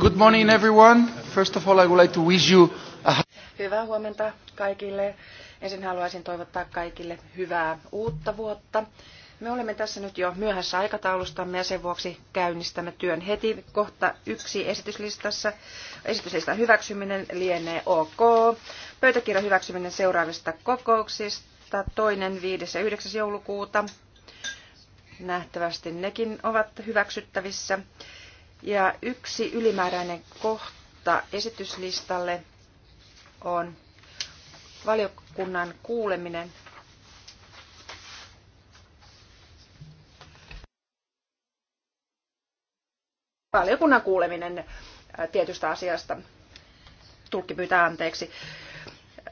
Good morning everyone. First of all, I would like to wish you a... Hyvää huomenta kaikille. Ensin haluaisin toivottaa kaikille hyvää uutta vuotta. Me olemme tässä nyt jo myöhässä aikataulustamme ja sen vuoksi käynnistämme työn heti. Kohta yksi esityslistassa. Esityslistan hyväksyminen lienee ok. Pöytäkirjan hyväksyminen seuraavista kokouksista. Toinen, viides ja yhdeksäs joulukuuta. Nähtävästi nekin ovat hyväksyttävissä. Ja yksi ylimääräinen kohta esityslistalle on valiokunnan kuuleminen valiokunnan kuuleminen äh, tietystä asiasta. Tulkki pyytää anteeksi.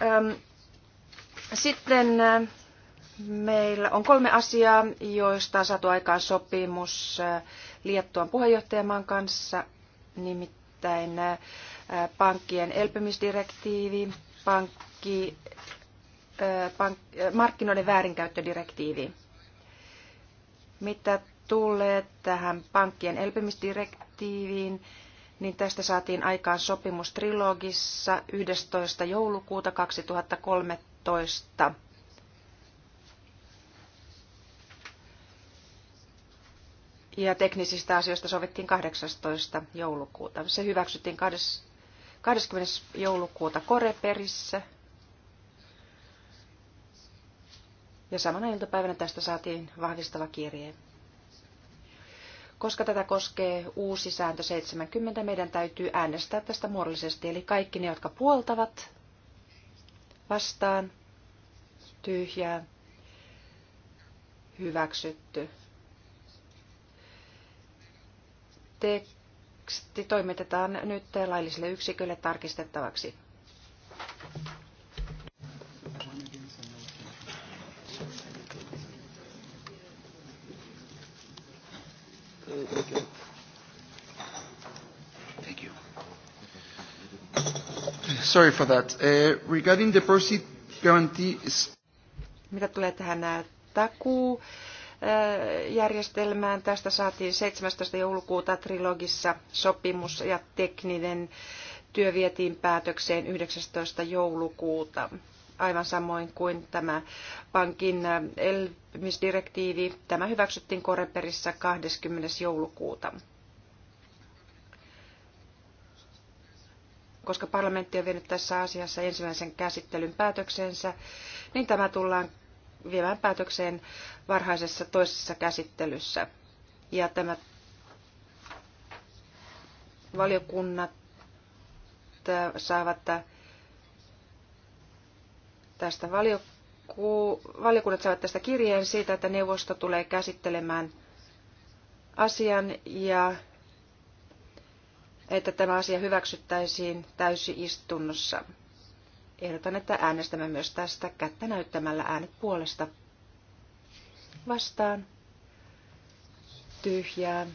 Ähm, sitten äh, meillä on kolme asiaa, joista on saatu aikaan sopimus äh, Liettuan puheenjohtajamaan kanssa, nimittäin pankkien elpymisdirektiivi, pankki, pank, markkinoiden väärinkäyttödirektiivi. Mitä tulee tähän pankkien elpymisdirektiiviin, niin tästä saatiin aikaan sopimus trilogissa 11. joulukuuta 2013. ja teknisistä asioista sovittiin 18. joulukuuta. Se hyväksyttiin 20. joulukuuta Koreperissä. Ja samana iltapäivänä tästä saatiin vahvistava kirje. Koska tätä koskee uusi sääntö 70, meidän täytyy äänestää tästä muodollisesti. Eli kaikki ne, jotka puoltavat, vastaan, tyhjää, hyväksytty. teksti toimitetaan nyt lailliselle yksikölle tarkistettavaksi. Thank you. Sorry for that. Uh, regarding the proceed guarantee is... Mitä tulee tähän uh, takuu järjestelmään. Tästä saatiin 17. joulukuuta trilogissa sopimus ja tekninen työ vietiin päätökseen 19. joulukuuta. Aivan samoin kuin tämä pankin elpymisdirektiivi, tämä hyväksyttiin Koreperissä 20. joulukuuta. Koska parlamentti on vienyt tässä asiassa ensimmäisen käsittelyn päätöksensä, niin tämä tullaan viemään päätökseen varhaisessa toisessa käsittelyssä. Ja tämä valiokunnat äh, saavat äh, tästä valioku, valiokunnat saavat tästä kirjeen siitä, että neuvosto tulee käsittelemään asian ja että tämä asia hyväksyttäisiin täysistunnossa. Ehdotan, että äänestämme myös tästä kättä näyttämällä äänet puolesta. Vastaan. Tyhjää.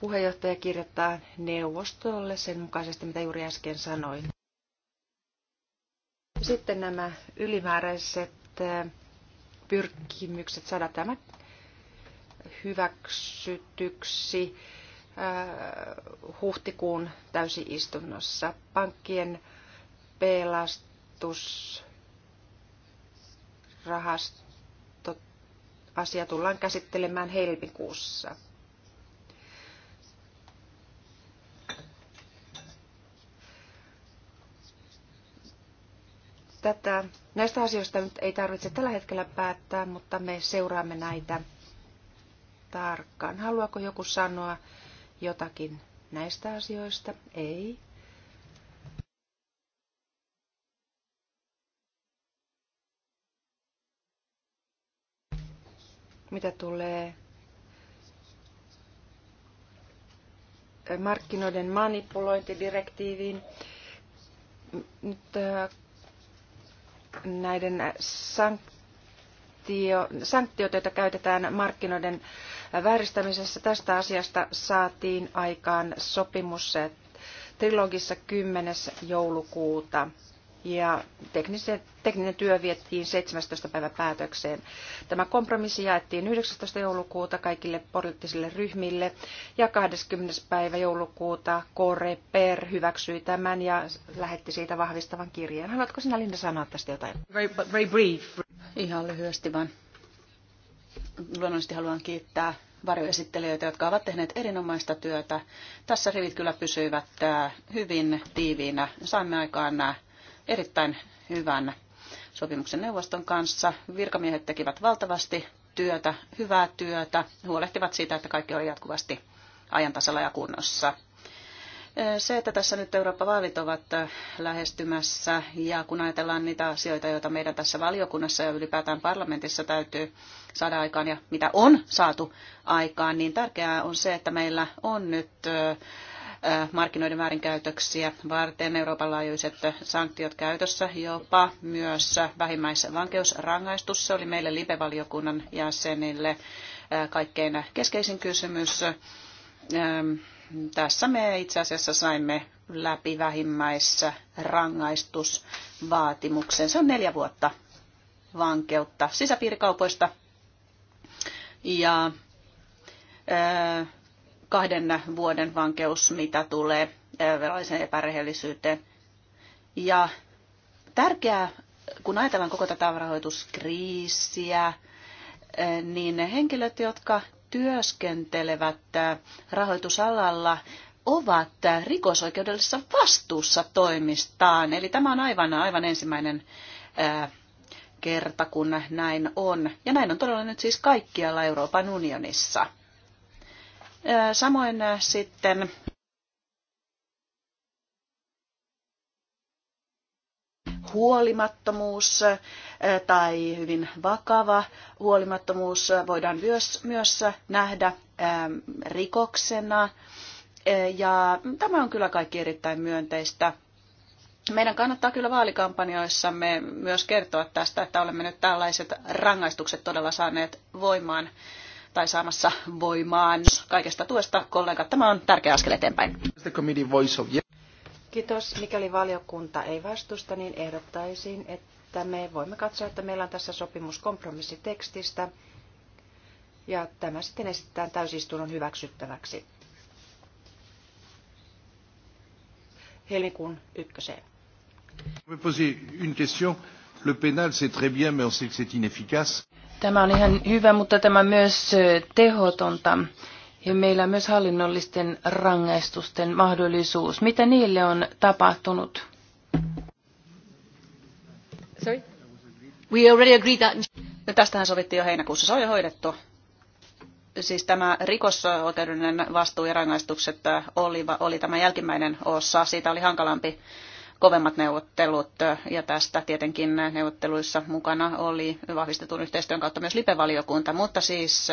Puheenjohtaja kirjoittaa neuvostolle sen mukaisesti, mitä juuri äsken sanoin. Sitten nämä ylimääräiset äh, pyrkimykset saada tämä hyväksytyksi huhtikuun täysiistunnossa. Pankkien pelastusrahastoasia asia tullaan käsittelemään helmikuussa. Tätä, näistä asioista nyt ei tarvitse tällä hetkellä päättää, mutta me seuraamme näitä tarkkaan. Haluaako joku sanoa jotakin näistä asioista? Ei. Mitä tulee markkinoiden manipulointidirektiiviin, nyt äh, näiden sanktio, sanktiot, joita käytetään markkinoiden vääristämisessä. Tästä asiasta saatiin aikaan sopimus trilogissa 10. joulukuuta ja tekninen työ viettiin 17. päivä päätökseen. Tämä kompromissi jaettiin 19. joulukuuta kaikille poliittisille ryhmille ja 20. päivä joulukuuta Kore Per hyväksyi tämän ja lähetti siitä vahvistavan kirjeen. Haluatko sinä Linda sanoa tästä jotain? Very, very brief. Ihan lyhyesti vain luonnollisesti haluan kiittää varjoesittelijöitä, jotka ovat tehneet erinomaista työtä. Tässä rivit kyllä pysyivät äh, hyvin tiiviinä. Saimme aikaan äh, erittäin hyvän sopimuksen neuvoston kanssa. Virkamiehet tekivät valtavasti työtä, hyvää työtä, huolehtivat siitä, että kaikki oli jatkuvasti ajantasalla ja kunnossa se, että tässä nyt Eurooppa-vaalit ovat äh, lähestymässä ja kun ajatellaan niitä asioita, joita meidän tässä valiokunnassa ja ylipäätään parlamentissa täytyy saada aikaan ja mitä on saatu aikaan, niin tärkeää on se, että meillä on nyt äh, äh, markkinoiden väärinkäytöksiä varten Euroopan laajuiset sanktiot käytössä, jopa myös vähimmäisvankeusrangaistus. Se oli meille libe valiokunnan jäsenille kaikkein keskeisin kysymys ähm, tässä me itse asiassa saimme läpi vähimmäissä rangaistusvaatimuksen. Se on neljä vuotta vankeutta sisäpiirikaupoista ja kahden vuoden vankeus, mitä tulee velallisen epärehellisyyteen. Ja tärkeää, kun ajatellaan koko tätä tavarahoituskriisiä, niin ne henkilöt, jotka työskentelevät äh, rahoitusalalla ovat äh, rikosoikeudellisessa vastuussa toimistaan. Eli tämä on aivan, aivan ensimmäinen äh, kerta, kun näin on. Ja näin on todella nyt siis kaikkialla Euroopan unionissa. Samoin sitten huolimattomuus eh, tai hyvin vakava huolimattomuus eh, voidaan myös, myös nähdä eh, rikoksena. Ja tämä on kyllä kaikki erittäin myönteistä. Meidän kannattaa kyllä vaalikampanjoissamme myös kertoa tästä, että olemme nyt tällaiset rangaistukset todella saaneet voimaan tai saamassa voimaan kaikesta tuesta kollegat. Tämä on tärkeä askel eteenpäin. Kiitos. Mikäli valiokunta ei vastusta, niin ehdottaisin, että me voimme katsoa, että meillä on tässä sopimus kompromissitekstistä, ja tämä sitten esitetään täysistunnon hyväksyttäväksi. Helmikuun ykköseen. Tämä on ihan hyvä, mutta tämä on myös eh, tehotonta. Ja meillä on myös hallinnollisten rangaistusten mahdollisuus. Mitä niille on tapahtunut? Sorry? We already agreed that... No tästähän sovittiin jo heinäkuussa. Se on jo hoidettu. Siis tämä rikosoikeudellinen vastuu ja rangaistukset oli, oli tämä jälkimmäinen osa. Siitä oli hankalampi kovemmat neuvottelut ja tästä tietenkin neuvotteluissa mukana oli vahvistetun yhteistyön kautta myös lipevaliokunta, mutta siis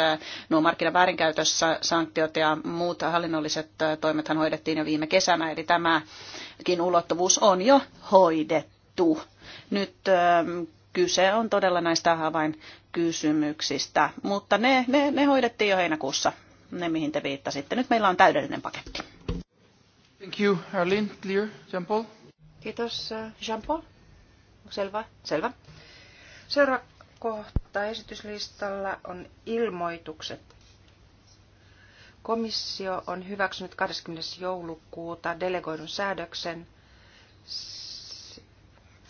nuo markkinaväärinkäytössä sanktiot ja muut hallinnolliset toimethan hoidettiin jo viime kesänä, eli tämäkin ulottuvuus on jo hoidettu. Nyt kyse on todella näistä havainkysymyksistä, mutta ne, ne, ne hoidettiin jo heinäkuussa, ne mihin te viittasitte. Nyt meillä on täydellinen paketti. Thank you, Arlene. Clear, Jean-Paul? Kiitos. Äh, Jean-Paul? Selvä. Selvä. Seuraava kohta esityslistalla on ilmoitukset. Komissio on hyväksynyt 20. joulukuuta delegoidun säädöksen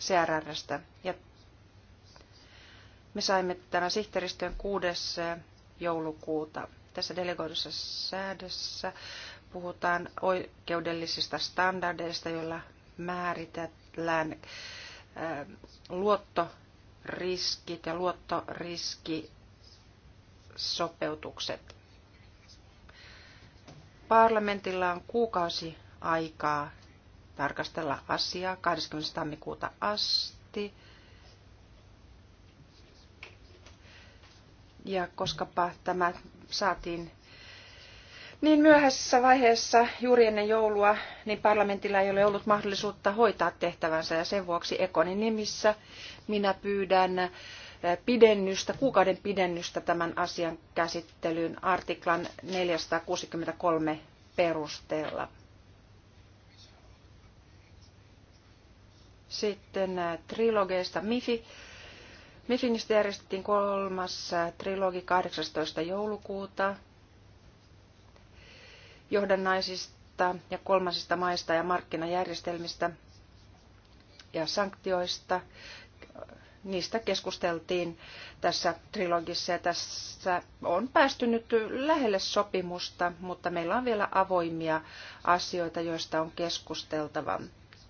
CRRstä. Ja me saimme tämän sihteeristön 6. Äh, joulukuuta. Tässä delegoidussa säädössä puhutaan oikeudellisista standardeista, joilla määritellään äh, luottoriskit ja luottoriskisopeutukset. Parlamentilla on kuukausi aikaa tarkastella asiaa 20. tammikuuta asti. Ja koskapa tämä saatiin niin myöhäisessä vaiheessa, juuri ennen joulua, niin parlamentilla ei ole ollut mahdollisuutta hoitaa tehtävänsä ja sen vuoksi Ekonin nimissä minä pyydän eh, pidennystä, kuukauden pidennystä tämän asian käsittelyyn artiklan 463 perusteella. Sitten eh, trilogeista MIFI. MIFINistä järjestettiin kolmas eh, trilogi 18. joulukuuta johdannaisista ja kolmansista maista ja markkinajärjestelmistä ja sanktioista. Niistä keskusteltiin tässä trilogissa ja tässä on päästy nyt lähelle sopimusta, mutta meillä on vielä avoimia asioita, joista on keskusteltava.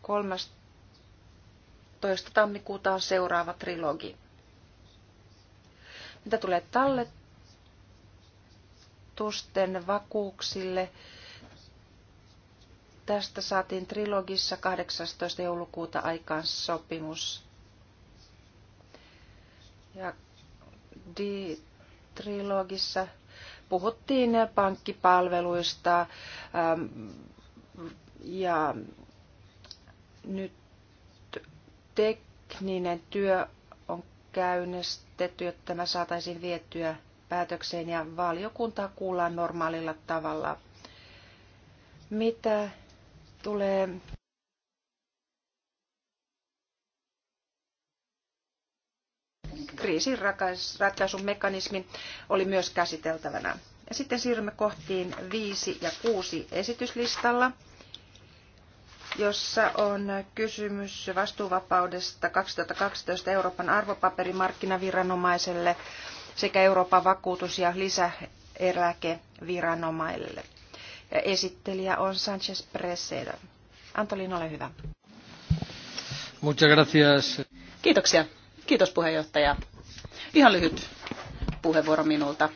13. tammikuuta on seuraava trilogi. Mitä tulee tallet, vakuutusten vakuuksille. Tästä saatiin trilogissa 18. joulukuuta aikaan sopimus. Ja trilogissa puhuttiin pankkipalveluista ähm, ja nyt tekninen työ on käynnistetty, jotta tämä saataisiin vietyä päätökseen ja valiokuntaa kuullaan normaalilla tavalla. Mitä tulee kriisin ratkaisun mekanismi oli myös käsiteltävänä. Ja sitten siirrymme kohtiin 5 ja 6 esityslistalla, jossa on kysymys vastuuvapaudesta 2012 Euroopan arvopaperimarkkinaviranomaiselle sekä Euroopan vakuutus- ja lisäeläkeviranomaille. Esittelijä on Sanchez Preseda. Antolin, ole hyvä. Muchas gracias. Kiitoksia. Kiitos puheenjohtaja. Ihan lyhyt puheenvuoro minulta.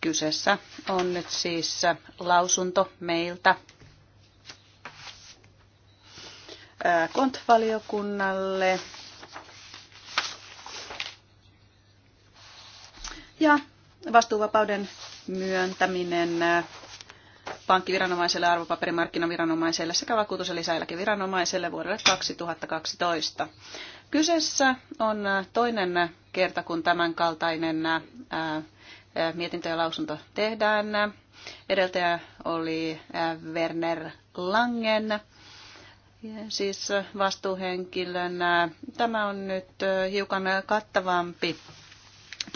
Kyseessä on nyt siis lausunto meiltä äh, kontvaliokunnalle Ja vastuuvapauden myöntäminen pankkiviranomaiselle, arvopaperimarkkinaviranomaiselle sekä vakuutus- ja lisäeläkeviranomaiselle vuodelle 2012. Kyseessä on toinen kerta, kun tämänkaltainen mietintö ja lausunto tehdään. Edeltäjä oli Werner Langen, siis vastuuhenkilön. Tämä on nyt hiukan kattavampi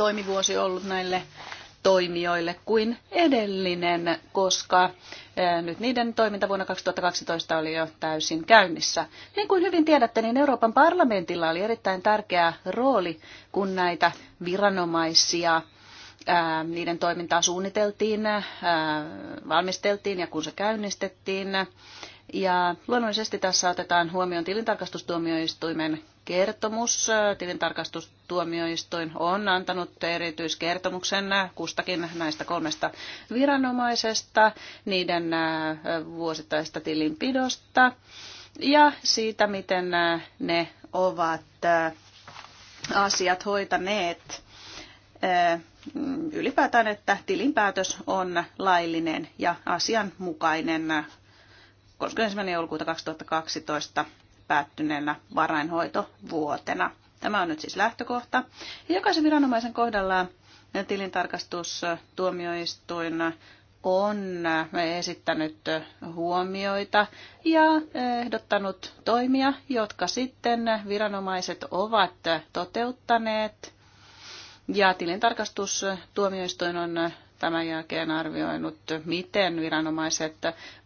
toimivuosi ollut näille toimijoille kuin edellinen, koska eh, nyt niiden toiminta vuonna 2012 oli jo täysin käynnissä. Niin kuin hyvin tiedätte, niin Euroopan parlamentilla oli erittäin tärkeä rooli, kun näitä viranomaisia eh, niiden toimintaa suunniteltiin, eh, valmisteltiin ja kun se käynnistettiin. Ja luonnollisesti tässä otetaan huomioon tilintarkastustuomioistuimen kertomus. Tilintarkastustuomioistuin on antanut erityiskertomuksen kustakin näistä kolmesta viranomaisesta, niiden äh, vuosittaista tilinpidosta ja siitä, miten äh, ne ovat äh, asiat hoitaneet ylipäätään, että tilinpäätös on laillinen ja asianmukainen 31. joulukuuta 2012 päättyneenä varainhoitovuotena. Tämä on nyt siis lähtökohta. Ja jokaisen viranomaisen kohdalla tuomioistuin on esittänyt huomioita ja ehdottanut toimia, jotka sitten viranomaiset ovat toteuttaneet. Ja tilintarkastustuomioistuin on tämän jälkeen arvioinut, miten viranomaiset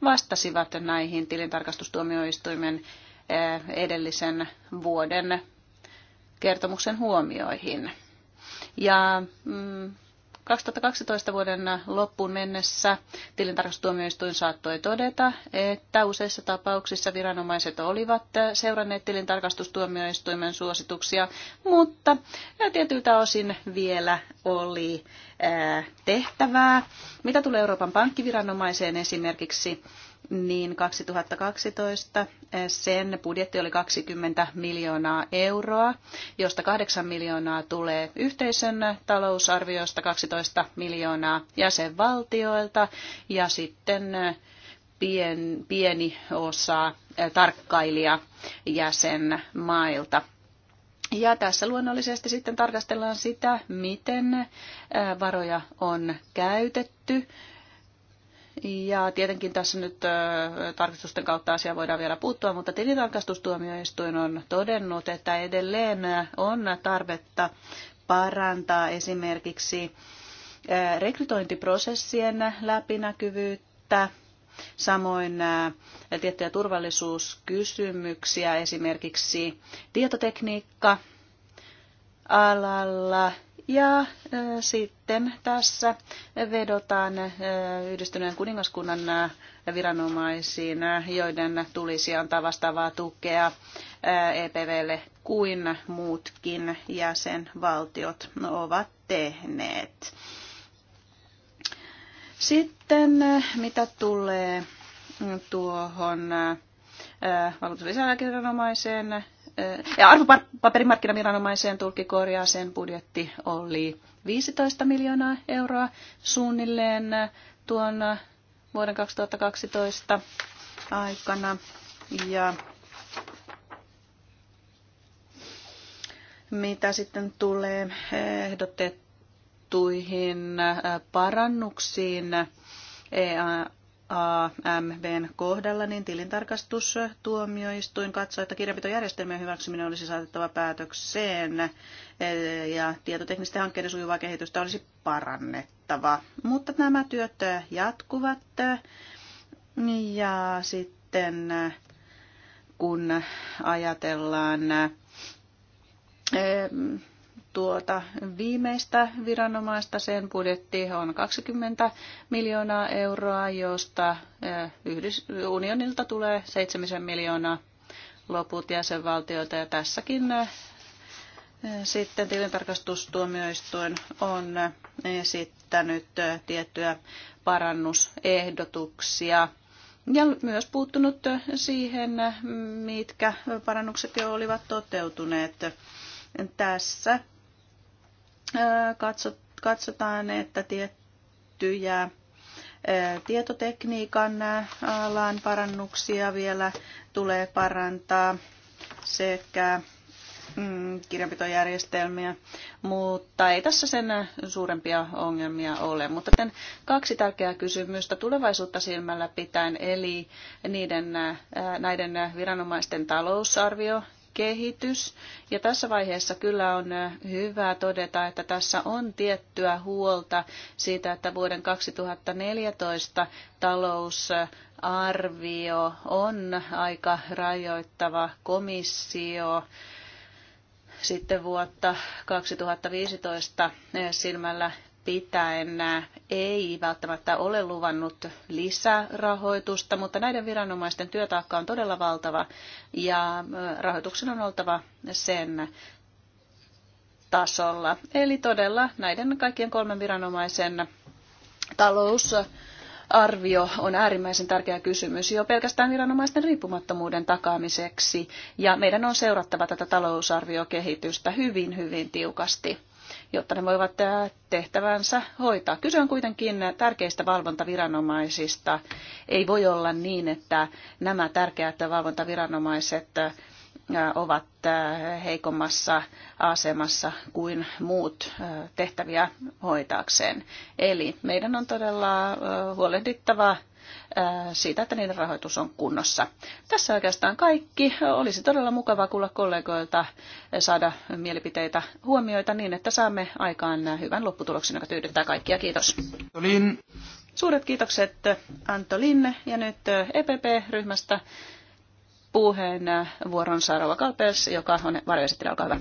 vastasivat näihin tilintarkastustuomioistuimen eh, edellisen vuoden kertomuksen huomioihin. Ja mm, 2012 vuoden loppuun mennessä tilintarkastustuomioistuin saattoi todeta, että useissa tapauksissa viranomaiset olivat seuranneet tilintarkastustuomioistuimen suosituksia, mutta tietyiltä osin vielä oli tehtävää. Mitä tulee Euroopan pankkiviranomaiseen esimerkiksi, niin 2012 eh, sen budjetti oli 20 miljoonaa euroa, josta 8 miljoonaa tulee yhteisön talousarviosta, 12 miljoonaa jäsenvaltioilta ja sitten eh, pien, pieni osa eh, tarkkailija jäsenmailta. Ja tässä luonnollisesti sitten tarkastellaan sitä, miten varoja on käytetty ja tietenkin tässä nyt tarkistusten kautta asia voidaan vielä puuttua, mutta tilintarkastustuomioistuin on todennut, että edelleen on tarvetta parantaa esimerkiksi rekrytointiprosessien läpinäkyvyyttä, samoin tiettyjä turvallisuuskysymyksiä, esimerkiksi tietotekniikka alalla ja sitten tässä vedotaan yhdistyneen kuningaskunnan viranomaisiin, joiden tulisi antaa vastaavaa tukea EPVlle kuin muutkin jäsenvaltiot ovat tehneet. Sitten mitä tulee tuohon valuuttalisäjälkiviranomaiseen, ja arvopaperimarkkinaviranomaiseen tulkikorjaa sen budjetti oli 15 miljoonaa euroa suunnilleen tuon vuoden 2012 aikana. Ja mitä sitten tulee ehdotettuihin parannuksiin AMVn kohdalla, niin tilintarkastustuomioistuin katsoi, että kirjanpitojärjestelmien hyväksyminen olisi saatettava päätökseen e, ja tietoteknisten hankkeiden sujuvaa kehitystä olisi parannettava. Mutta nämä työt jatkuvat ja sitten kun ajatellaan e, tuota viimeistä viranomaista. Sen budjetti on 20 miljoonaa euroa, josta eh, unionilta tulee 7 miljoonaa loput jäsenvaltioita. Ja tässäkin eh, sitten tilintarkastustuomioistuin on esittänyt eh, tiettyjä parannusehdotuksia ja myös puuttunut siihen, mitkä parannukset jo olivat toteutuneet. Tässä katsotaan, että tiettyjä tietotekniikan alan parannuksia vielä tulee parantaa sekä mm, kirjanpitojärjestelmiä, mutta ei tässä sen suurempia ongelmia ole. Mutta tämän kaksi tärkeää kysymystä tulevaisuutta silmällä pitäen, eli niiden, näiden viranomaisten talousarvio kehitys. Ja tässä vaiheessa kyllä on äh, hyvä todeta, että tässä on tiettyä huolta siitä, että vuoden 2014 talousarvio on aika rajoittava komissio sitten vuotta 2015 äh, silmällä pitäen ei välttämättä ole luvannut lisärahoitusta, mutta näiden viranomaisten työtaakka on todella valtava ja rahoituksen on oltava sen tasolla. Eli todella näiden kaikkien kolmen viranomaisen talous arvio on äärimmäisen tärkeä kysymys jo pelkästään viranomaisten riippumattomuuden takaamiseksi, ja meidän on seurattava tätä talousarviokehitystä hyvin, hyvin tiukasti jotta ne voivat tehtävänsä hoitaa. Kyse on kuitenkin tärkeistä valvontaviranomaisista. Ei voi olla niin, että nämä tärkeät valvontaviranomaiset ovat heikommassa asemassa kuin muut tehtäviä hoitaakseen. Eli meidän on todella huolehdittava Äh, siitä, että niiden rahoitus on kunnossa. Tässä oikeastaan kaikki. Olisi todella mukavaa kuulla kollegoilta äh, saada mielipiteitä huomioita niin, että saamme aikaan äh, hyvän lopputuloksen, joka tyydyttää kaikkia. Kiitos. Antolin. Suuret kiitokset Antolinne ja nyt EPP-ryhmästä puheen vuoron Saarova Kalpels, joka on varjoesittelijä. Olkaa hyvä.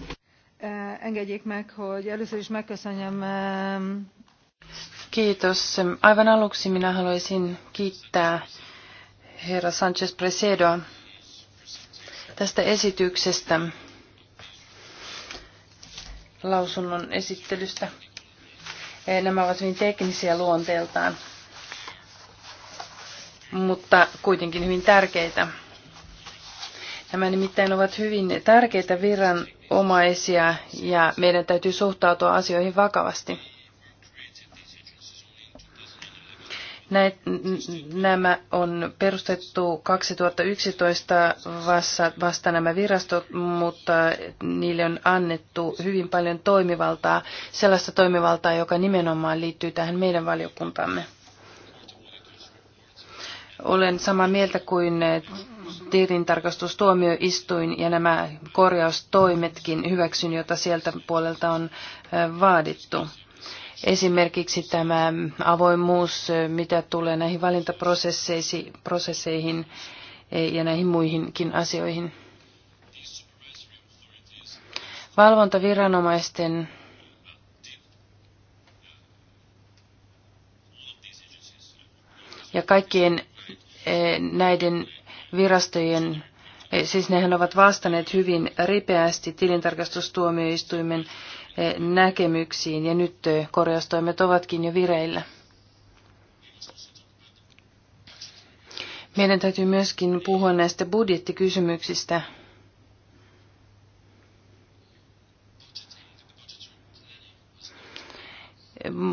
Engedjik meg, hogy először is megköszönjem Kiitos. Aivan aluksi minä haluaisin kiittää herra Sanchez Presedoa tästä esityksestä, lausunnon esittelystä. Eh, nämä ovat hyvin teknisiä luonteeltaan, mutta kuitenkin hyvin tärkeitä. Nämä nimittäin ovat hyvin tärkeitä viranomaisia ja meidän täytyy suhtautua asioihin vakavasti. Näit, nämä on perustettu 2011 vasta, vasta nämä virastot, mutta niille on annettu hyvin paljon toimivaltaa, sellaista toimivaltaa, joka nimenomaan liittyy tähän meidän valiokuntamme. Olen samaa mieltä kuin tilintarkastustuomioistuin ja nämä korjaustoimetkin hyväksyn, joita sieltä puolelta on vaadittu. Esimerkiksi tämä avoimuus, mitä tulee näihin valintaprosesseihin e, ja näihin muihinkin asioihin. Valvontaviranomaisten ja kaikkien e, näiden virastojen, e, siis nehän ovat vastanneet hyvin ripeästi tilintarkastustuomioistuimen näkemyksiin ja nyt korjaustoimet ovatkin jo vireillä. Meidän täytyy myöskin puhua näistä budjettikysymyksistä.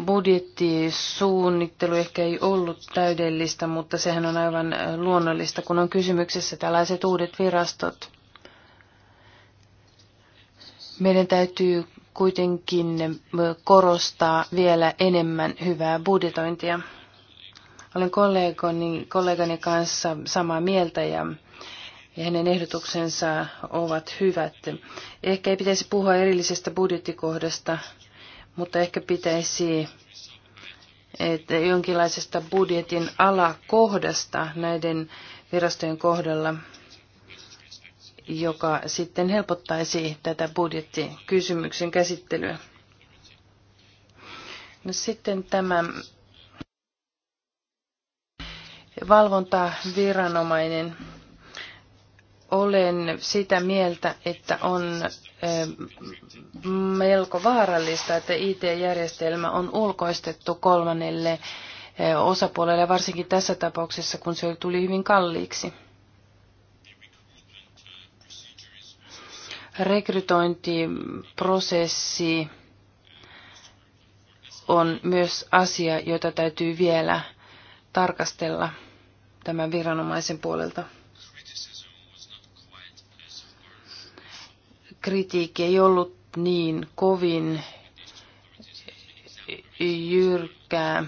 budjettisuunnittelu ehkä ei ollut täydellistä, mutta sehän on aivan luonnollista, kun on kysymyksessä tällaiset uudet virastot. Meidän täytyy kuitenkin korostaa vielä enemmän hyvää budjetointia. Olen kollegani, kollegani kanssa samaa mieltä ja, ja hänen ehdotuksensa ovat hyvät. Ehkä ei pitäisi puhua erillisestä budjettikohdasta, mutta ehkä pitäisi että jonkinlaisesta budjetin alakohdasta näiden virastojen kohdalla – joka sitten helpottaisi tätä budjettikysymyksen käsittelyä. No sitten tämä valvontaviranomainen. Olen sitä mieltä, että on eh, melko vaarallista, että IT-järjestelmä on ulkoistettu kolmannelle eh, osapuolelle, varsinkin tässä tapauksessa, kun se tuli hyvin kalliiksi. rekrytointiprosessi on myös asia, jota täytyy vielä tarkastella tämän viranomaisen puolelta. Kritiikki ei ollut niin kovin jyrkkää,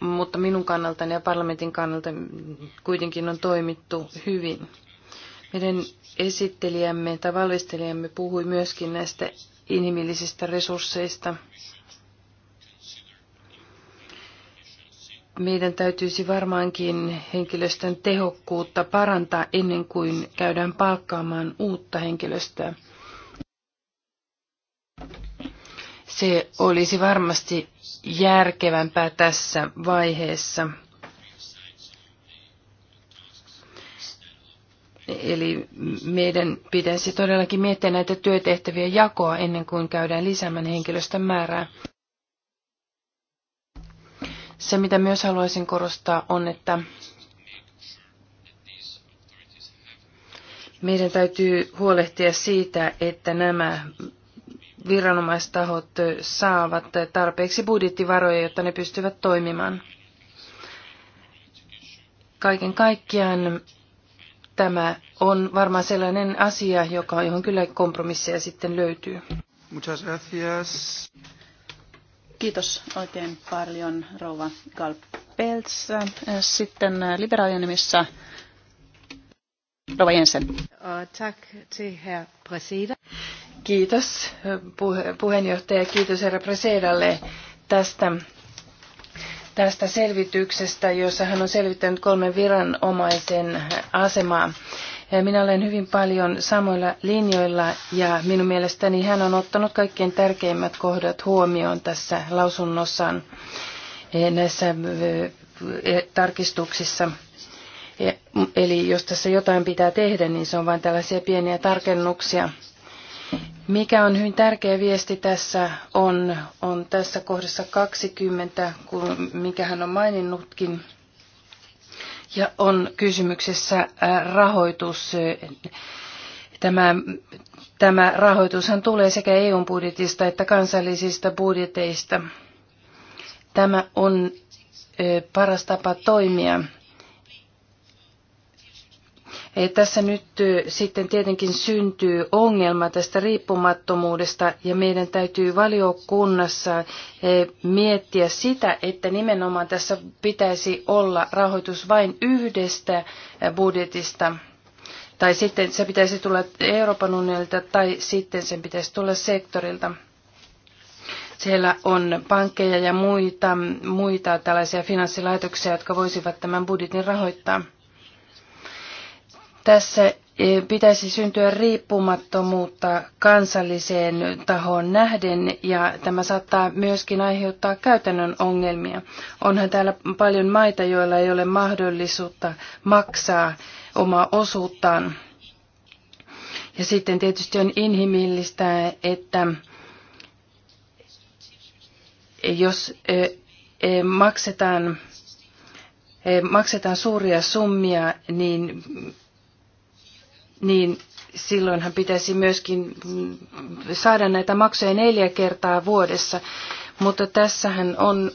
mutta minun kannaltani ja parlamentin kannalta kuitenkin on toimittu hyvin. Meidän esittelijämme tai valmistelijämme puhui myöskin näistä inhimillisistä resursseista. Meidän täytyisi varmaankin henkilöstön tehokkuutta parantaa ennen kuin käydään palkkaamaan uutta henkilöstöä. Se olisi varmasti järkevämpää tässä vaiheessa. Eli meidän pitäisi todellakin miettiä näitä työtehtäviä jakoa ennen kuin käydään lisäämään henkilöstön määrää. Se, mitä myös haluaisin korostaa, on, että meidän täytyy huolehtia siitä, että nämä viranomaistahot saavat tarpeeksi budjettivaroja, jotta ne pystyvät toimimaan. Kaiken kaikkiaan Tämä on varmaan sellainen asia, joka, johon kyllä kompromisseja sitten löytyy. Muchas gracias. Kiitos oikein paljon, rouva Galpelts. Sitten äh, liberaalien nimissä rouva Jensen. Äh, Tack till herr Kiitos äh, puheenjohtaja, kiitos herra Presedalle tästä tästä selvityksestä, jossa hän on selvittänyt kolmen viranomaisen asemaa. Minä olen hyvin paljon samoilla linjoilla ja minun mielestäni hän on ottanut kaikkein tärkeimmät kohdat huomioon tässä lausunnossaan e, näissä e, e, tarkistuksissa. Eli jos tässä jotain pitää tehdä, niin se on vain tällaisia pieniä tarkennuksia. Mikä on hyvin tärkeä viesti tässä on, on tässä kohdassa 20, kun, mikä hän on maininnutkin, ja on kysymyksessä äh, rahoitus. Tämä, tämä rahoitushan tulee sekä EUn budjetista että kansallisista budjeteista. Tämä on äh, paras tapa toimia. Tässä nyt sitten tietenkin syntyy ongelma tästä riippumattomuudesta ja meidän täytyy valiokunnassa miettiä sitä, että nimenomaan tässä pitäisi olla rahoitus vain yhdestä budjetista. Tai sitten se pitäisi tulla Euroopan unionilta tai sitten sen pitäisi tulla sektorilta. Siellä on pankkeja ja muita, muita tällaisia finanssilaitoksia, jotka voisivat tämän budjetin rahoittaa. Tässä e, pitäisi syntyä riippumattomuutta kansalliseen tahoon nähden ja tämä saattaa myöskin aiheuttaa käytännön ongelmia. Onhan täällä paljon maita, joilla ei ole mahdollisuutta maksaa omaa osuuttaan. Ja sitten tietysti on inhimillistä, että jos e, e, maksetaan maksetaan suuria summia, niin niin silloinhan pitäisi myöskin saada näitä maksuja neljä kertaa vuodessa. Mutta tässähän on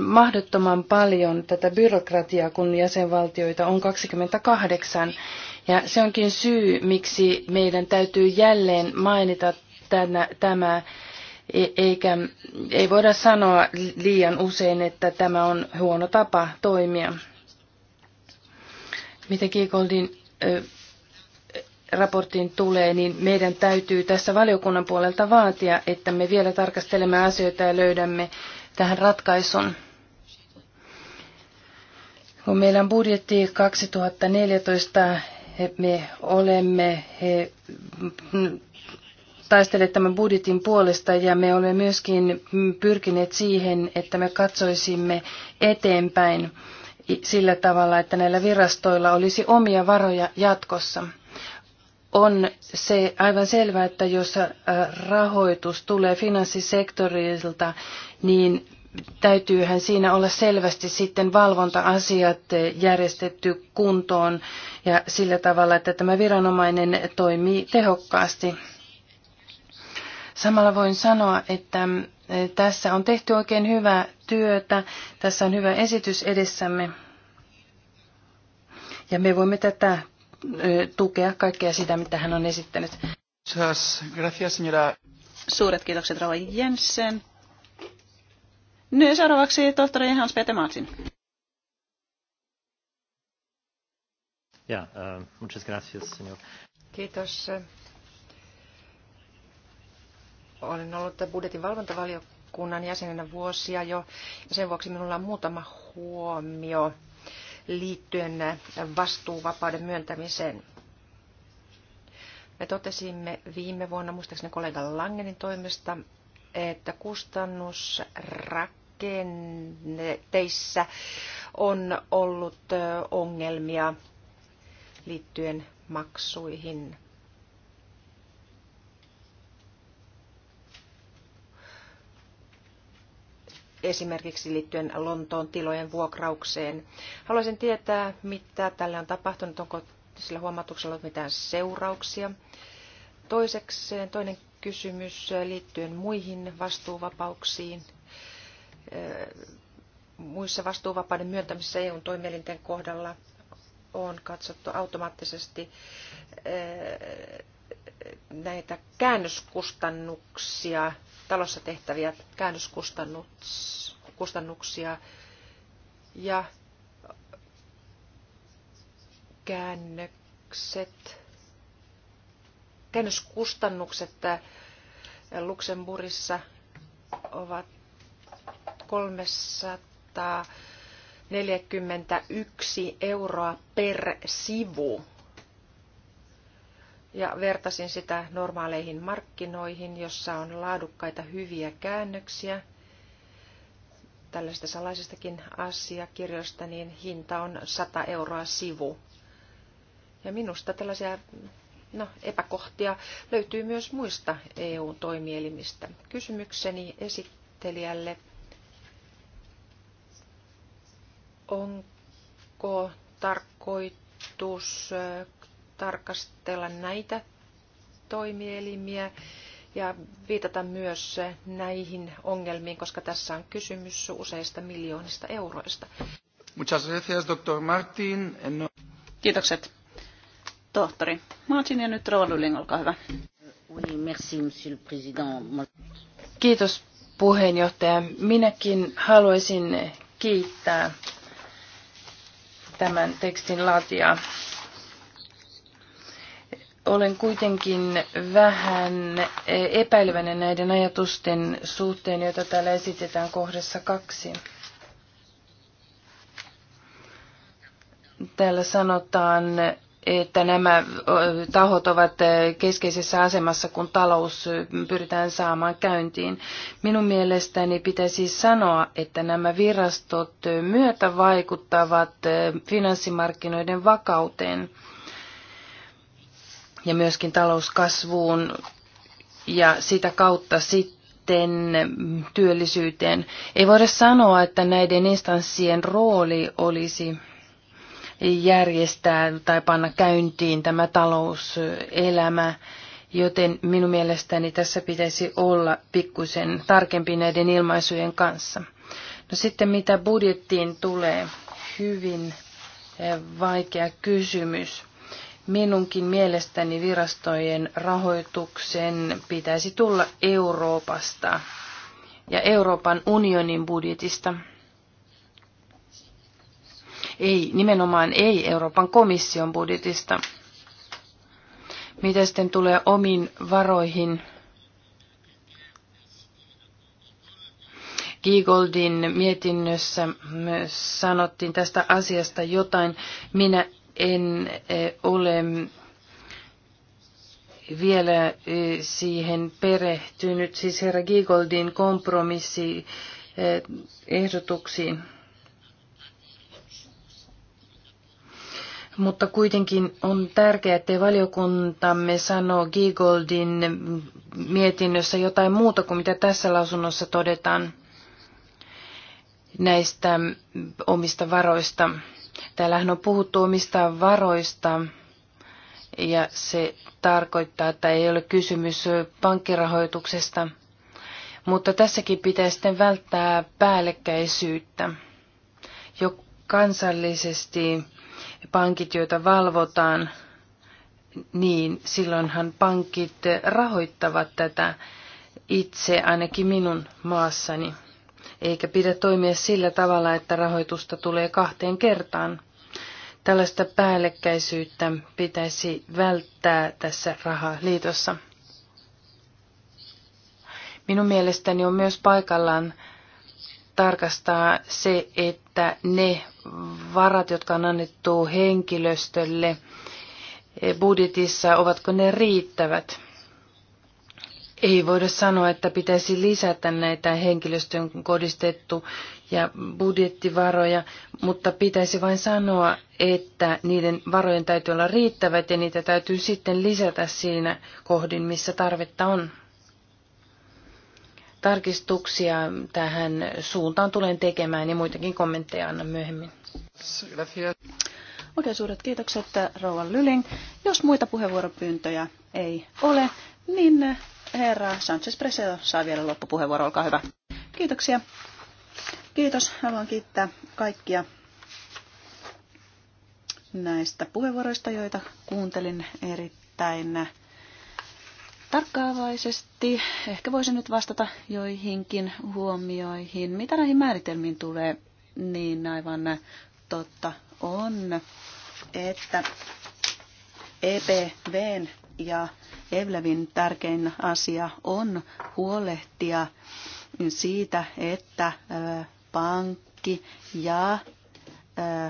mahdottoman paljon tätä byrokratiaa, kun jäsenvaltioita on 28. Ja se onkin syy, miksi meidän täytyy jälleen mainita tänä, tämä, e, eikä ei voida sanoa liian usein, että tämä on huono tapa toimia. Miten Kiikoldin Raportin tulee, niin meidän täytyy tässä valiokunnan puolelta vaatia, että me vielä tarkastelemme asioita ja löydämme tähän ratkaisun. Kun meillä on budjetti 2014, me olemme taistelleet tämän budjetin puolesta ja me olemme myöskin pyrkineet siihen, että me katsoisimme eteenpäin sillä tavalla, että näillä virastoilla olisi omia varoja jatkossa on se aivan selvää, että jos äh, rahoitus tulee finanssisektorilta, niin täytyyhän siinä olla selvästi sitten valvonta-asiat järjestetty kuntoon ja sillä tavalla, että tämä viranomainen toimii tehokkaasti. Samalla voin sanoa, että äh, tässä on tehty oikein hyvää työtä, tässä on hyvä esitys edessämme. Ja me voimme tätä tukea kaikkea sitä, mitä hän on esittänyt. Gracias, señora. Suuret kiitokset, Rova Jensen. Nyt seuraavaksi tohtori Hans-Peter Martin. Ja, uh, muchas gracias, señor. Kiitos. Olen ollut budjetin valvontavaliokunnan jäsenenä vuosia jo, ja sen vuoksi minulla on muutama huomio liittyen vastuuvapauden myöntämiseen. Me totesimme viime vuonna, muistaakseni kollega Langenin toimesta, että kustannusrakenteissa on ollut ongelmia liittyen maksuihin. esimerkiksi liittyen Lontoon tilojen vuokraukseen. Haluaisin tietää, mitä tälle on tapahtunut, onko sillä huomautuksella ollut mitään seurauksia. Toisekseen toinen kysymys liittyen muihin vastuuvapauksiin. Muissa vastuuvapauden myöntämisissä EU-toimielinten kohdalla on katsottu automaattisesti näitä käännöskustannuksia talossa tehtäviä käännöskustannuksia ja käännökset, käännöskustannukset Luxemburgissa ovat 341 euroa per sivu ja vertasin sitä normaaleihin markkinoihin, jossa on laadukkaita hyviä käännöksiä tällaisista salaisistakin asiakirjoista, niin hinta on 100 euroa sivu. Ja minusta tällaisia no, epäkohtia löytyy myös muista EU-toimielimistä. Kysymykseni esittelijälle, onko tarkoitus tarkastella näitä toimielimiä ja viitata myös näihin ongelmiin, koska tässä on kysymys useista miljoonista euroista. Muchas gracias, doctor Martin. No- Kiitokset, tohtori Martin. Ja nyt Rova Lyling, olkaa hyvä. Oui, merci, monsieur le président. Kiitos, puheenjohtaja. Minäkin haluaisin kiittää tämän tekstin laatijaa olen kuitenkin vähän epäileväinen näiden ajatusten suhteen, joita täällä esitetään kohdassa kaksi. Täällä sanotaan, että nämä tahot ovat keskeisessä asemassa, kun talous pyritään saamaan käyntiin. Minun mielestäni pitäisi sanoa, että nämä virastot myötä vaikuttavat finanssimarkkinoiden vakauteen – ja myöskin talouskasvuun ja sitä kautta sitten työllisyyteen. Ei voida sanoa, että näiden instanssien rooli olisi järjestää tai panna käyntiin tämä talouselämä, joten minun mielestäni tässä pitäisi olla pikkusen tarkempi näiden ilmaisujen kanssa. No sitten mitä budjettiin tulee, hyvin vaikea kysymys. Minunkin mielestäni virastojen rahoituksen pitäisi tulla Euroopasta ja Euroopan unionin budjetista. Ei, nimenomaan ei Euroopan komission budjetista. Mitä sitten tulee omiin varoihin? Giegoldin mietinnössä sanottiin tästä asiasta jotain. Minä en eh, ole vielä eh, siihen perehtynyt, siis herra Giegoldin kompromissi eh, ehdotuksiin. Mutta kuitenkin on tärkeää, että valiokuntamme sanoo Giegoldin mietinnössä jotain muuta kuin mitä tässä lausunnossa todetaan näistä omista varoista. Täällähän on puhuttu omista varoista ja se tarkoittaa, että ei ole kysymys pankkirahoituksesta, mutta tässäkin pitää sitten välttää päällekkäisyyttä. Jo kansallisesti pankit, joita valvotaan, niin silloinhan pankit rahoittavat tätä itse ainakin minun maassani eikä pidä toimia sillä tavalla, että rahoitusta tulee kahteen kertaan. Tällaista päällekkäisyyttä pitäisi välttää tässä rahaliitossa. Minun mielestäni on myös paikallaan tarkastaa se, että ne varat, jotka on annettu henkilöstölle budjetissa, ovatko ne riittävät. Ei voida sanoa, että pitäisi lisätä näitä henkilöstön kodistettu ja budjettivaroja, mutta pitäisi vain sanoa, että niiden varojen täytyy olla riittävät ja niitä täytyy sitten lisätä siinä kohdin, missä tarvetta on. Tarkistuksia tähän suuntaan tulen tekemään ja muitakin kommentteja annan myöhemmin. Oikein suuret kiitokset Rouva Lyling. Jos muita puheenvuoropyyntöjä ei ole, niin herra Sanchez Presedo saa vielä loppupuheenvuoro, olkaa hyvä. Kiitoksia. Kiitos. Haluan kiittää kaikkia näistä puheenvuoroista, joita kuuntelin erittäin tarkkaavaisesti. Ehkä voisin nyt vastata joihinkin huomioihin. Mitä näihin määritelmiin tulee, niin aivan totta on, että EPVn ja Evlevin tärkein asia on huolehtia siitä, että pankki ja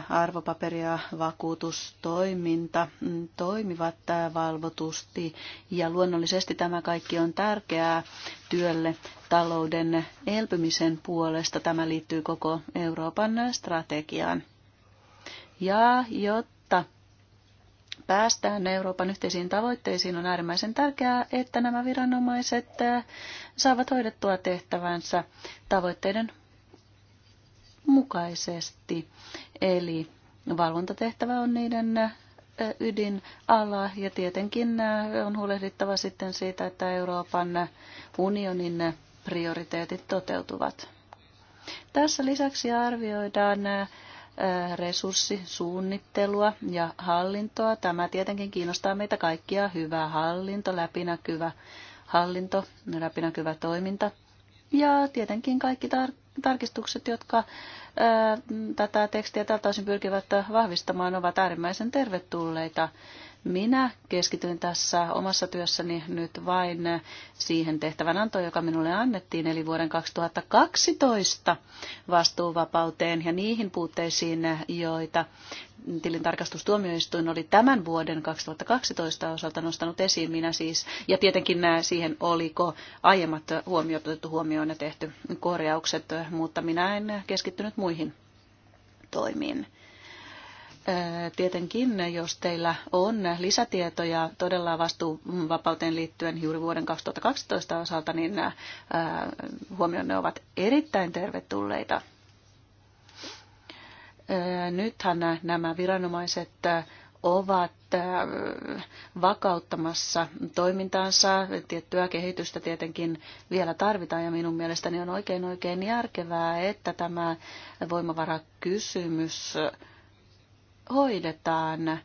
arvopaperia vakuutustoiminta mm, toimivat valvotusti. Ja luonnollisesti tämä kaikki on tärkeää työlle talouden elpymisen puolesta. Tämä liittyy koko Euroopan strategiaan. Ja jotta päästään Euroopan yhteisiin tavoitteisiin, on äärimmäisen tärkeää, että nämä viranomaiset äh, saavat hoidettua tehtävänsä tavoitteiden mukaisesti. Eli valvontatehtävä on niiden äh, ydinala ja tietenkin äh, on huolehdittava sitten siitä, että Euroopan unionin prioriteetit toteutuvat. Tässä lisäksi arvioidaan resurssisuunnittelua ja hallintoa. Tämä tietenkin kiinnostaa meitä kaikkia. Hyvä hallinto, läpinäkyvä hallinto, läpinäkyvä toiminta. Ja tietenkin kaikki tar- tarkistukset, jotka ää, tätä tekstiä tältä osin pyrkivät vahvistamaan, ovat äärimmäisen tervetulleita. Minä keskityin tässä omassa työssäni nyt vain siihen tehtävänantoon, joka minulle annettiin, eli vuoden 2012 vastuuvapauteen ja niihin puutteisiin, joita tilintarkastustuomioistuin oli tämän vuoden 2012 osalta nostanut esiin minä siis, ja tietenkin nämä siihen oliko aiemmat huomiot otettu huomioon ja tehty korjaukset, mutta minä en keskittynyt muihin toimiin. Tietenkin, jos teillä on lisätietoja todella vastuuvapauteen liittyen juuri vuoden 2012 osalta, niin nämä huomionne ovat erittäin tervetulleita. Nythän nämä viranomaiset ovat vakauttamassa toimintaansa. Tiettyä kehitystä tietenkin vielä tarvitaan ja minun mielestäni on oikein oikein järkevää, että tämä voimavarakysymys kysymys hoidetaan.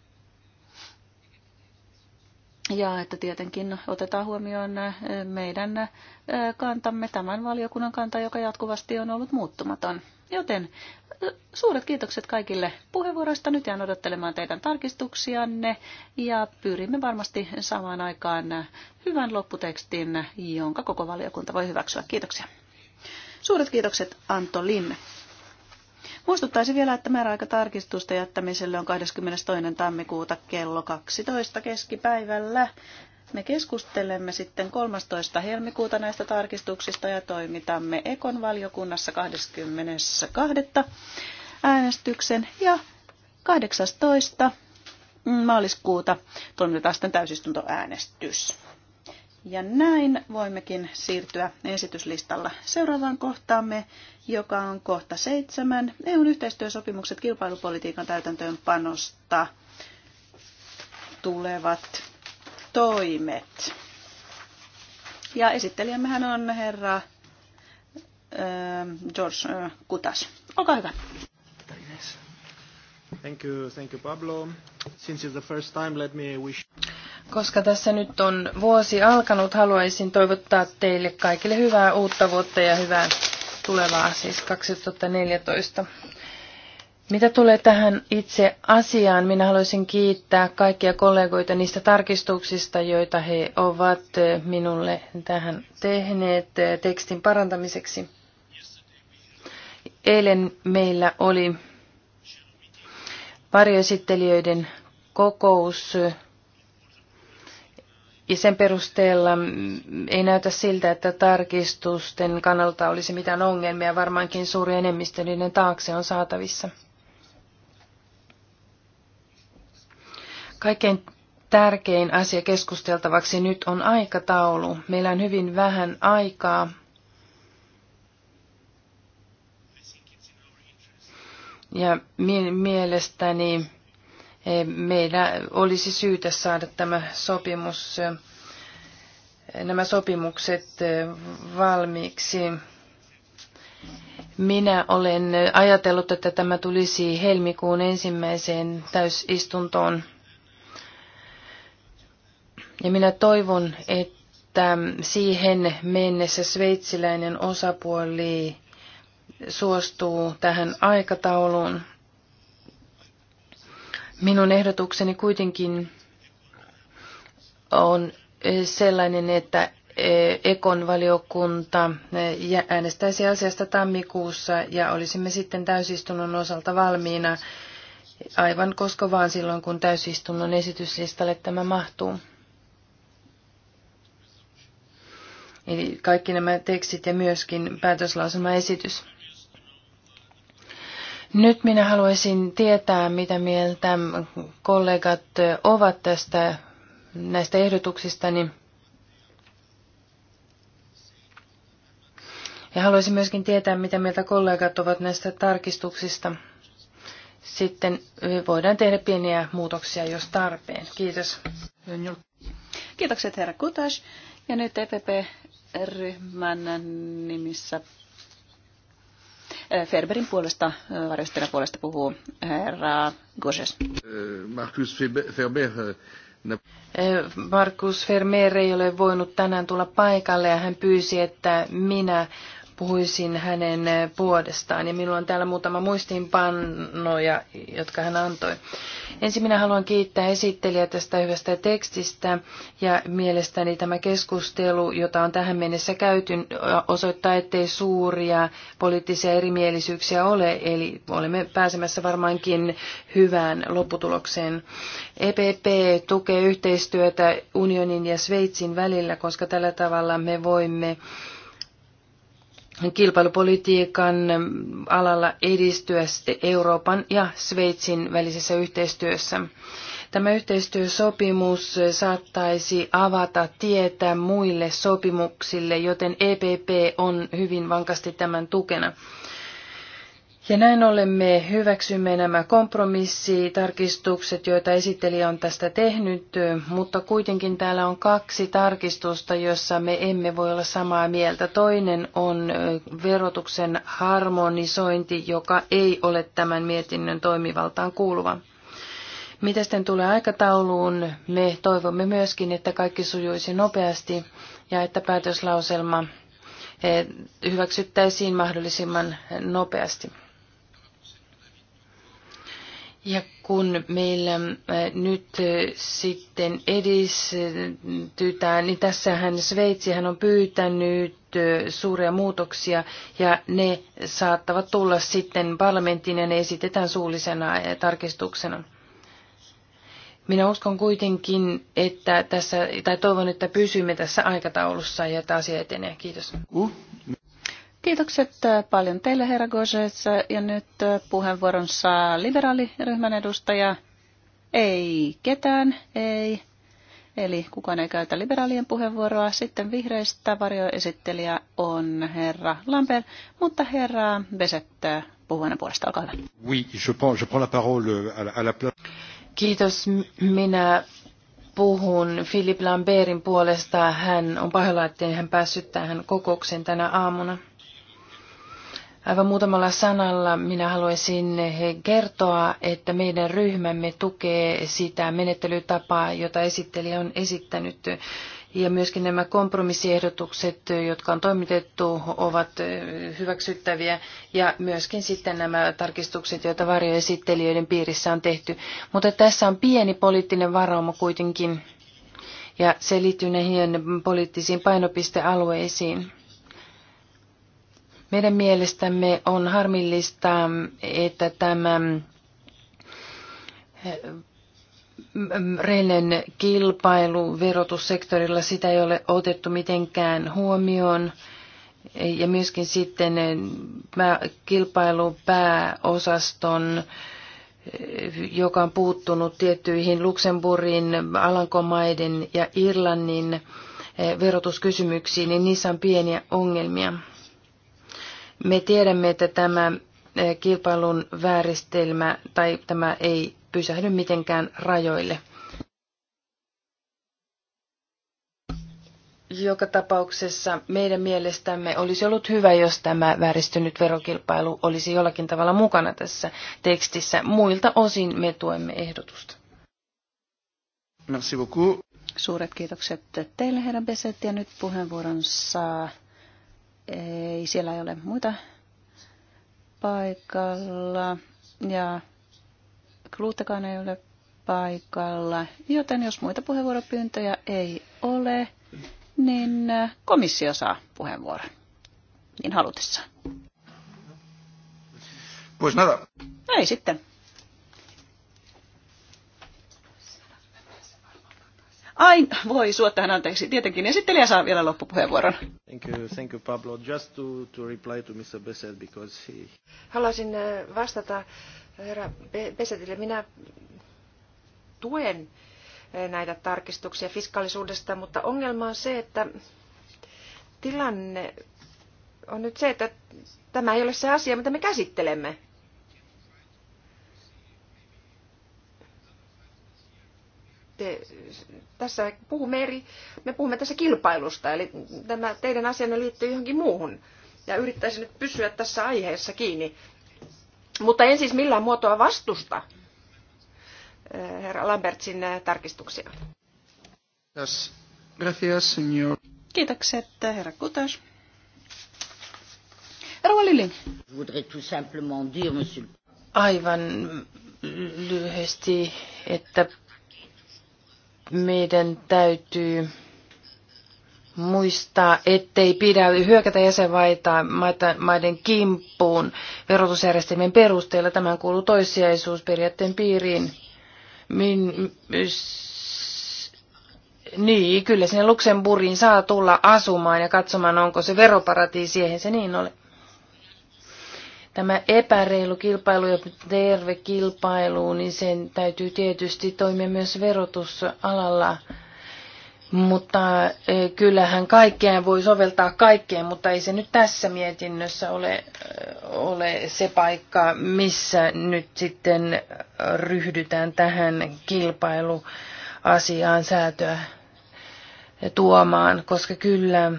Ja että tietenkin otetaan huomioon äh, meidän äh, kantamme, tämän valiokunnan kanta, joka jatkuvasti on ollut muuttumaton. Joten äh, suuret kiitokset kaikille puheenvuoroista. Nyt jään odottelemaan teidän tarkistuksianne ja pyrimme varmasti samaan aikaan hyvän lopputekstin, jonka koko valiokunta voi hyväksyä. Kiitoksia. Suuret kiitokset Anto Linne. Muistuttaisin vielä, että määräaika tarkistusta jättämiselle on 22. tammikuuta kello 12 keskipäivällä. Me keskustelemme sitten 13. helmikuuta näistä tarkistuksista ja toimitamme Ekon valiokunnassa 22. äänestyksen ja 18. maaliskuuta toimitetaan sitten täysistuntoäänestys. Ja näin voimmekin siirtyä esityslistalla seuraavaan kohtaamme, joka on kohta seitsemän. EUn yhteistyösopimukset kilpailupolitiikan täytäntöönpanosta tulevat toimet. Ja esittelijämmehän on herra äh, George äh, Kutas. Olkaa hyvä. Thank you, thank you Pablo. Since it's the first time, let me wish... Koska tässä nyt on vuosi alkanut, haluaisin toivottaa teille kaikille hyvää uutta vuotta ja hyvää tulevaa, siis 2014. Mitä tulee tähän itse asiaan, minä haluaisin kiittää kaikkia kollegoita niistä tarkistuksista, joita he ovat minulle tähän tehneet tekstin parantamiseksi. Eilen meillä oli varjoesittelijöiden kokous ja sen perusteella mm, ei näytä siltä, että tarkistusten kannalta olisi mitään ongelmia. Varmaankin suuri enemmistö niiden taakse on saatavissa. Kaikkein tärkein asia keskusteltavaksi nyt on aikataulu. Meillä on hyvin vähän aikaa. Ja mielestäni E, meidän olisi syytä saada tämä sopimus, e, nämä sopimukset e, valmiiksi. Minä olen ajatellut, että tämä tulisi helmikuun ensimmäiseen täysistuntoon. Ja minä toivon, että siihen mennessä sveitsiläinen osapuoli suostuu tähän aikatauluun. Minun ehdotukseni kuitenkin on eh, sellainen, että eh, Ekon valiokunta eh, äänestäisi asiasta tammikuussa ja olisimme sitten täysistunnon osalta valmiina aivan koska vaan silloin, kun täysistunnon esityslistalle tämä mahtuu. Eli kaikki nämä tekstit ja myöskin päätöslauselmaesitys. esitys. Nyt minä haluaisin tietää, mitä mieltä kollegat ovat tästä näistä ehdotuksistani. Ja haluaisin myöskin tietää, mitä mieltä kollegat ovat näistä tarkistuksista. Sitten voidaan tehdä pieniä muutoksia, jos tarpeen. Kiitos. Kiitokset herra Kutas. Ja nyt EPP-ryhmän nimissä Ferberin puolesta, varjostajana puolesta puhuu herra Gozes. Eh, Markus Ferber, eh, eh, Markus Vermeer ei ole voinut tänään tulla paikalle ja hän pyysi, että minä puhuisin hänen puolestaan. Ja minulla on täällä muutama muistiinpannoja, jotka hän antoi. Ensin minä haluan kiittää esittelijä tästä hyvästä tekstistä ja mielestäni tämä keskustelu, jota on tähän mennessä käyty, osoittaa, ettei suuria poliittisia erimielisyyksiä ole, eli olemme pääsemässä varmaankin hyvään lopputulokseen. EPP tukee yhteistyötä unionin ja Sveitsin välillä, koska tällä tavalla me voimme kilpailupolitiikan alalla edistyä Euroopan ja Sveitsin välisessä yhteistyössä. Tämä yhteistyösopimus saattaisi avata tietä muille sopimuksille, joten EPP on hyvin vankasti tämän tukena. Ja näin ollen me hyväksymme nämä kompromissitarkistukset, joita esittelijä on tästä tehnyt, mutta kuitenkin täällä on kaksi tarkistusta, jossa me emme voi olla samaa mieltä. Toinen on verotuksen harmonisointi, joka ei ole tämän mietinnön toimivaltaan kuuluva. Mitä sitten tulee aikatauluun, me toivomme myöskin, että kaikki sujuisi nopeasti ja että päätöslauselma hyväksyttäisiin mahdollisimman nopeasti. Ja kun meillä äh, nyt äh, sitten edistytään, niin tässähän Hän on pyytänyt äh, suuria muutoksia ja ne saattavat tulla sitten parlamenttiin ja ne esitetään suullisena tarkistuksena. Minä uskon kuitenkin, että tässä, tai toivon, että pysymme tässä aikataulussa ja että asia etenee. Kiitos. Uh. Kiitokset äh, paljon teille, herra Gozes. Ja nyt äh, puheenvuoron saa liberaaliryhmän edustaja. Ei ketään, ei. Eli kukaan ei käytä liberaalien puheenvuoroa. Sitten vihreistä varjoesittelijä on herra Lambert, mutta herra Besettää äh, puhuvana puolesta. Olkaa hyvä. Oui, je prends, je prends la parole euh, à la, à la... Kiitos. Minä puhun Philip Lambertin puolesta. Hän on pahoilla, että hän päässyt tähän kokoukseen tänä aamuna. Aivan muutamalla sanalla minä haluaisin kertoa, että meidän ryhmämme tukee sitä menettelytapaa, jota esittelijä on esittänyt. Ja myöskin nämä kompromissiehdotukset, jotka on toimitettu, ovat hyväksyttäviä. Ja myöskin sitten nämä tarkistukset, joita varjoesittelijöiden piirissä on tehty. Mutta tässä on pieni poliittinen varauma kuitenkin. Ja se liittyy näihin poliittisiin painopistealueisiin. Meidän mielestämme on harmillista, että tämä mm, mm, reilen kilpailu verotussektorilla, sitä ei ole otettu mitenkään huomioon. Ja myöskin sitten mm, kilpailupääosaston, joka on puuttunut tiettyihin Luxemburgin, Alankomaiden ja Irlannin verotuskysymyksiin, niin niissä on pieniä ongelmia. Me tiedämme, että tämä eh, kilpailun vääristelmä tai tämä ei pysähdy mitenkään rajoille. Joka tapauksessa meidän mielestämme olisi ollut hyvä, jos tämä vääristynyt verokilpailu olisi jollakin tavalla mukana tässä tekstissä. Muilta osin me tuemme ehdotusta. Merci beaucoup. Suuret kiitokset teille, herra Beset, ja nyt puheenvuoron saa ei, siellä ei ole muita paikalla. Ja Kluuttakaan ei ole paikalla. Joten jos muita puheenvuoropyyntöjä ei ole, niin komissio saa puheenvuoron. Niin halutessaan. Pois nada. No ei sitten. Ai, voi suottahan anteeksi. Tietenkin esittelijä saa vielä loppupuheenvuoron. Thank you, thank you Pablo. Just to, to reply to Mr. Besset because he... Haluaisin äh, vastata äh, herra Besetille. Minä tuen äh, näitä tarkistuksia fiskaalisuudesta, mutta ongelma on se, että tilanne on nyt se, että tämä ei ole se asia, mitä me käsittelemme. te, tässä puhumme eri, me puhumme tässä kilpailusta, eli tämä teidän asianne liittyy johonkin muuhun. Ja yrittäisin nyt pysyä tässä aiheessa kiinni. Mutta en siis millään muotoa vastusta eh, herra Lambertsin eh, tarkistuksia. Yes. Gracias, señor. Kiitokset, eh, herra Kutas. Rouva Lili. Aivan lyhyesti, että meidän täytyy muistaa, ettei pidä hyökätä jäsenmaiden kimppuun verotusjärjestelmien perusteella. Tämän kuuluu toissijaisuusperiaatteen piiriin. Min, niin, kyllä sinne Luxemburgiin saa tulla asumaan ja katsomaan, onko se veroparatiisi, eihän se niin ole. Tämä epäreilu kilpailu ja terve kilpailu, niin sen täytyy tietysti toimia myös verotusalalla. Mutta e, kyllähän kaikkeen voi soveltaa kaikkeen, mutta ei se nyt tässä mietinnössä ole, e, ole se paikka, missä nyt sitten ryhdytään tähän kilpailuasiaan säätöä tuomaan, koska kyllä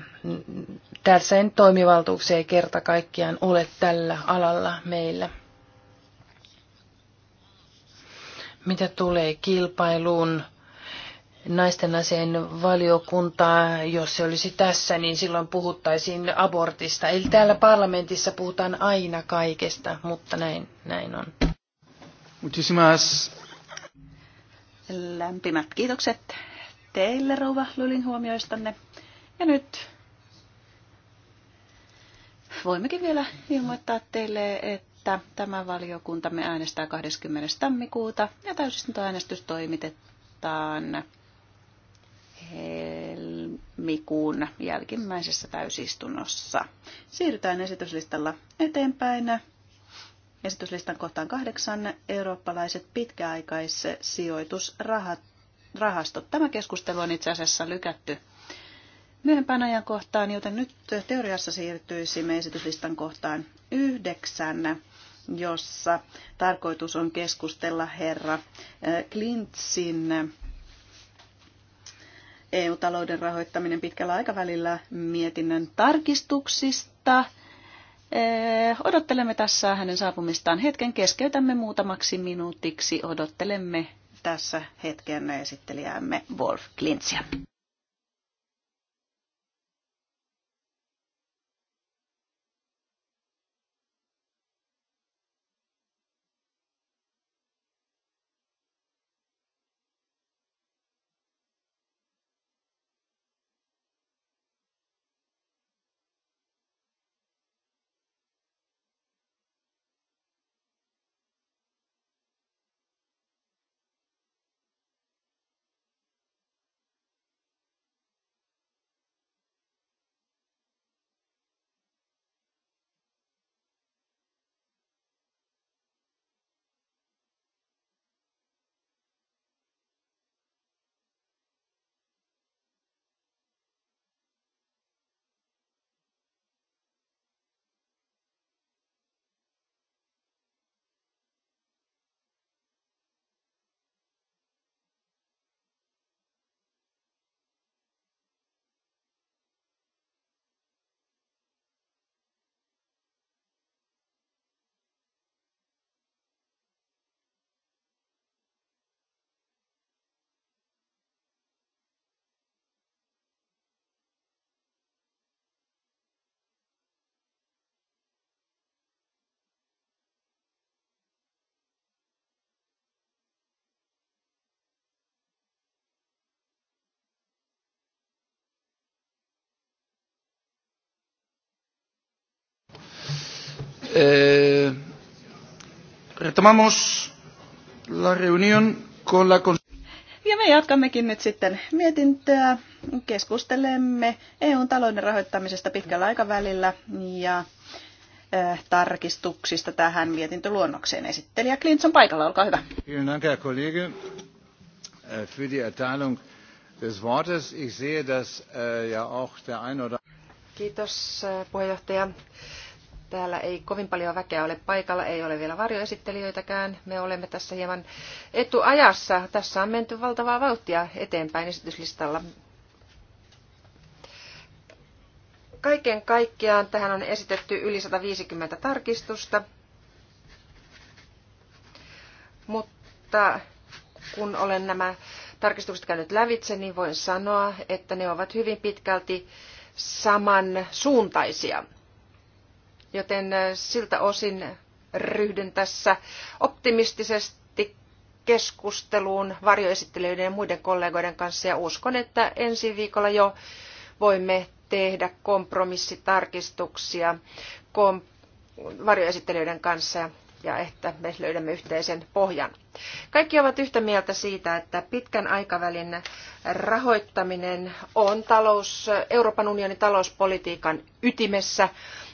tässä ei toimivaltuuksia ei kerta kaikkiaan ole tällä alalla meillä. Mitä tulee kilpailuun, naisten asian valiokuntaa, jos se olisi tässä, niin silloin puhuttaisiin abortista. Eli täällä parlamentissa puhutaan aina kaikesta, mutta näin, näin on. Muchísimas. Lämpimät kiitokset teille, rouva Lylin huomioistanne. Ja nyt voimmekin vielä ilmoittaa teille, että tämä valiokuntamme äänestää 20. tammikuuta ja täysistuntoäänestys toimitetaan helmikuun jälkimmäisessä täysistunnossa. Siirrytään esityslistalla eteenpäin. Esityslistan kohtaan kahdeksan eurooppalaiset pitkäaikaissijoitusrahastot. Tämä keskustelu on itse asiassa lykätty myöhempään ajankohtaan, joten nyt teoriassa siirtyisimme esityslistan kohtaan yhdeksän, jossa tarkoitus on keskustella herra Klintsin EU-talouden rahoittaminen pitkällä aikavälillä mietinnön tarkistuksista. Odottelemme tässä hänen saapumistaan hetken, keskeytämme muutamaksi minuutiksi, odottelemme tässä hetken esittelijäämme Wolf Klintsia. Eh, retomamos la reunión con la... Ja me jatkammekin nyt sitten mietintöä. Keskustelemme EUn talouden rahoittamisesta pitkällä aikavälillä ja äh, tarkistuksista tähän mietintöluonnokseen. Esittelijä Klintz on paikalla, olkaa hyvä. Vielen Dank, Herr Kollege, äh, für die Erteilung des Wortes. Ich sehe, dass äh, ja auch der ein oder Kiitos äh, puheenjohtaja. Täällä ei kovin paljon väkeä ole paikalla, ei ole vielä varjoesittelijöitäkään. Me olemme tässä hieman etuajassa. Tässä on menty valtavaa vauhtia eteenpäin esityslistalla. Kaiken kaikkiaan tähän on esitetty yli 150 tarkistusta, mutta kun olen nämä tarkistukset käynyt lävitse, niin voin sanoa, että ne ovat hyvin pitkälti samansuuntaisia. Joten äh, siltä osin ryhdyn tässä optimistisesti keskusteluun varjoesittelijöiden ja muiden kollegoiden kanssa ja uskon, että ensi viikolla jo voimme tehdä kompromissitarkistuksia kom- varjoesittelijöiden kanssa ja että me löydämme yhteisen pohjan. Kaikki ovat yhtä mieltä siitä, että pitkän aikavälin rahoittaminen on talous, Euroopan unionin talouspolitiikan ytimessä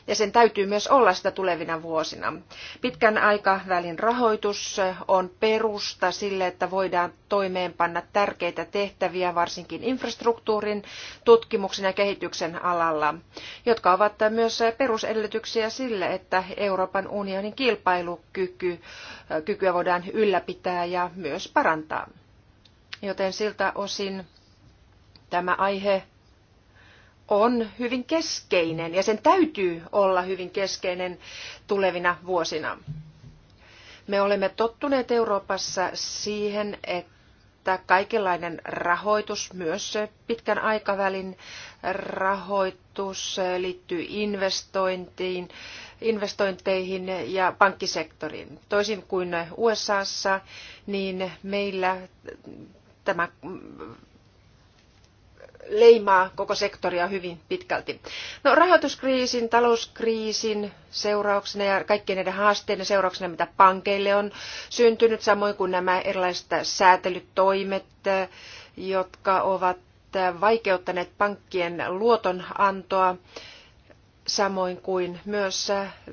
ja sen täytyy myös olla sitä tulevina vuosina. Pitkän aikavälin rahoitus on perusta sille, että voidaan toimeenpanna tärkeitä tehtäviä, varsinkin infrastruktuurin, tutkimuksen ja kehityksen alalla, jotka ovat myös perusedellytyksiä sille, että Euroopan unionin kilpailukykyä voidaan ylläpitää ja myös parantaa. Joten siltä osin tämä aihe on hyvin keskeinen ja sen täytyy olla hyvin keskeinen tulevina vuosina. Me olemme tottuneet Euroopassa siihen, että kaikenlainen rahoitus, myös pitkän aikavälin rahoitus liittyy investointiin, investointeihin ja pankkisektoriin. Toisin kuin USAssa, niin meillä tämä leimaa koko sektoria hyvin pitkälti. No, rahoituskriisin, talouskriisin seurauksena ja kaikkien näiden haasteiden seurauksena, mitä pankeille on syntynyt, samoin kuin nämä erilaiset säätelytoimet, jotka ovat vaikeuttaneet pankkien luotonantoa, samoin kuin myös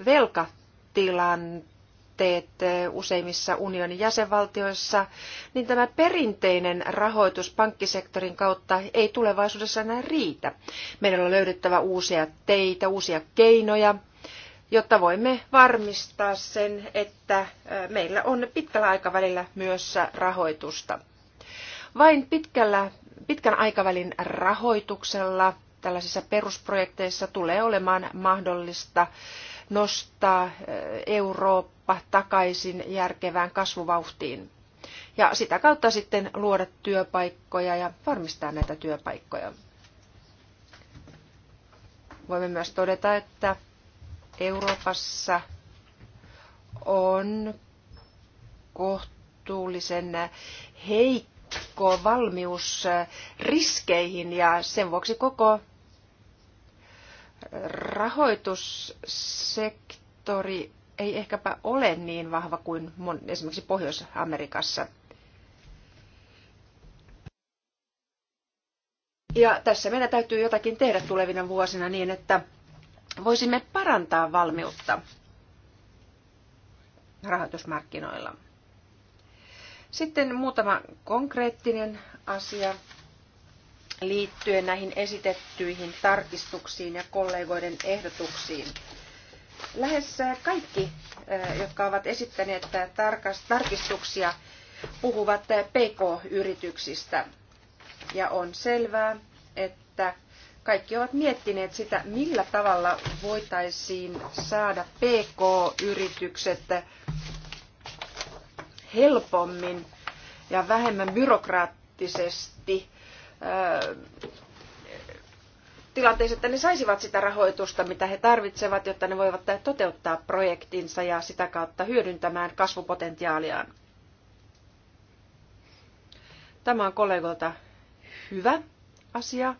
velkatilanteen puutteet eh, useimmissa unionin jäsenvaltioissa, niin tämä perinteinen rahoitus pankkisektorin kautta ei tulevaisuudessa enää riitä. Meidän on löydettävä uusia teitä, uusia keinoja, jotta voimme varmistaa sen, että eh, meillä on pitkällä aikavälillä myös rahoitusta. Vain pitkällä, pitkän aikavälin rahoituksella tällaisissa perusprojekteissa tulee olemaan mahdollista nostaa eh, Eurooppa takaisin järkevään kasvuvauhtiin ja sitä kautta sitten luoda työpaikkoja ja varmistaa näitä työpaikkoja. Voimme myös todeta, että Euroopassa on kohtuullisen heikko valmius eh, riskeihin ja sen vuoksi koko rahoitussektori ei ehkäpä ole niin vahva kuin esimerkiksi Pohjois-Amerikassa. Ja tässä meidän täytyy jotakin tehdä tulevina vuosina niin, että voisimme parantaa valmiutta rahoitusmarkkinoilla. Sitten muutama konkreettinen asia liittyen näihin esitettyihin tarkistuksiin ja kollegoiden ehdotuksiin. Lähes äh, kaikki, äh, jotka ovat esittäneet äh, tarkistuksia, puhuvat PK-yrityksistä. Ja on selvää, että kaikki ovat miettineet sitä, millä tavalla voitaisiin saada PK-yritykset helpommin ja vähemmän byrokraattisesti tilanteessa, että ne saisivat sitä rahoitusta, mitä he tarvitsevat, jotta ne voivat toteuttaa projektinsa ja sitä kautta hyödyntämään kasvupotentiaaliaan. Tämä on kollegolta hyvä asia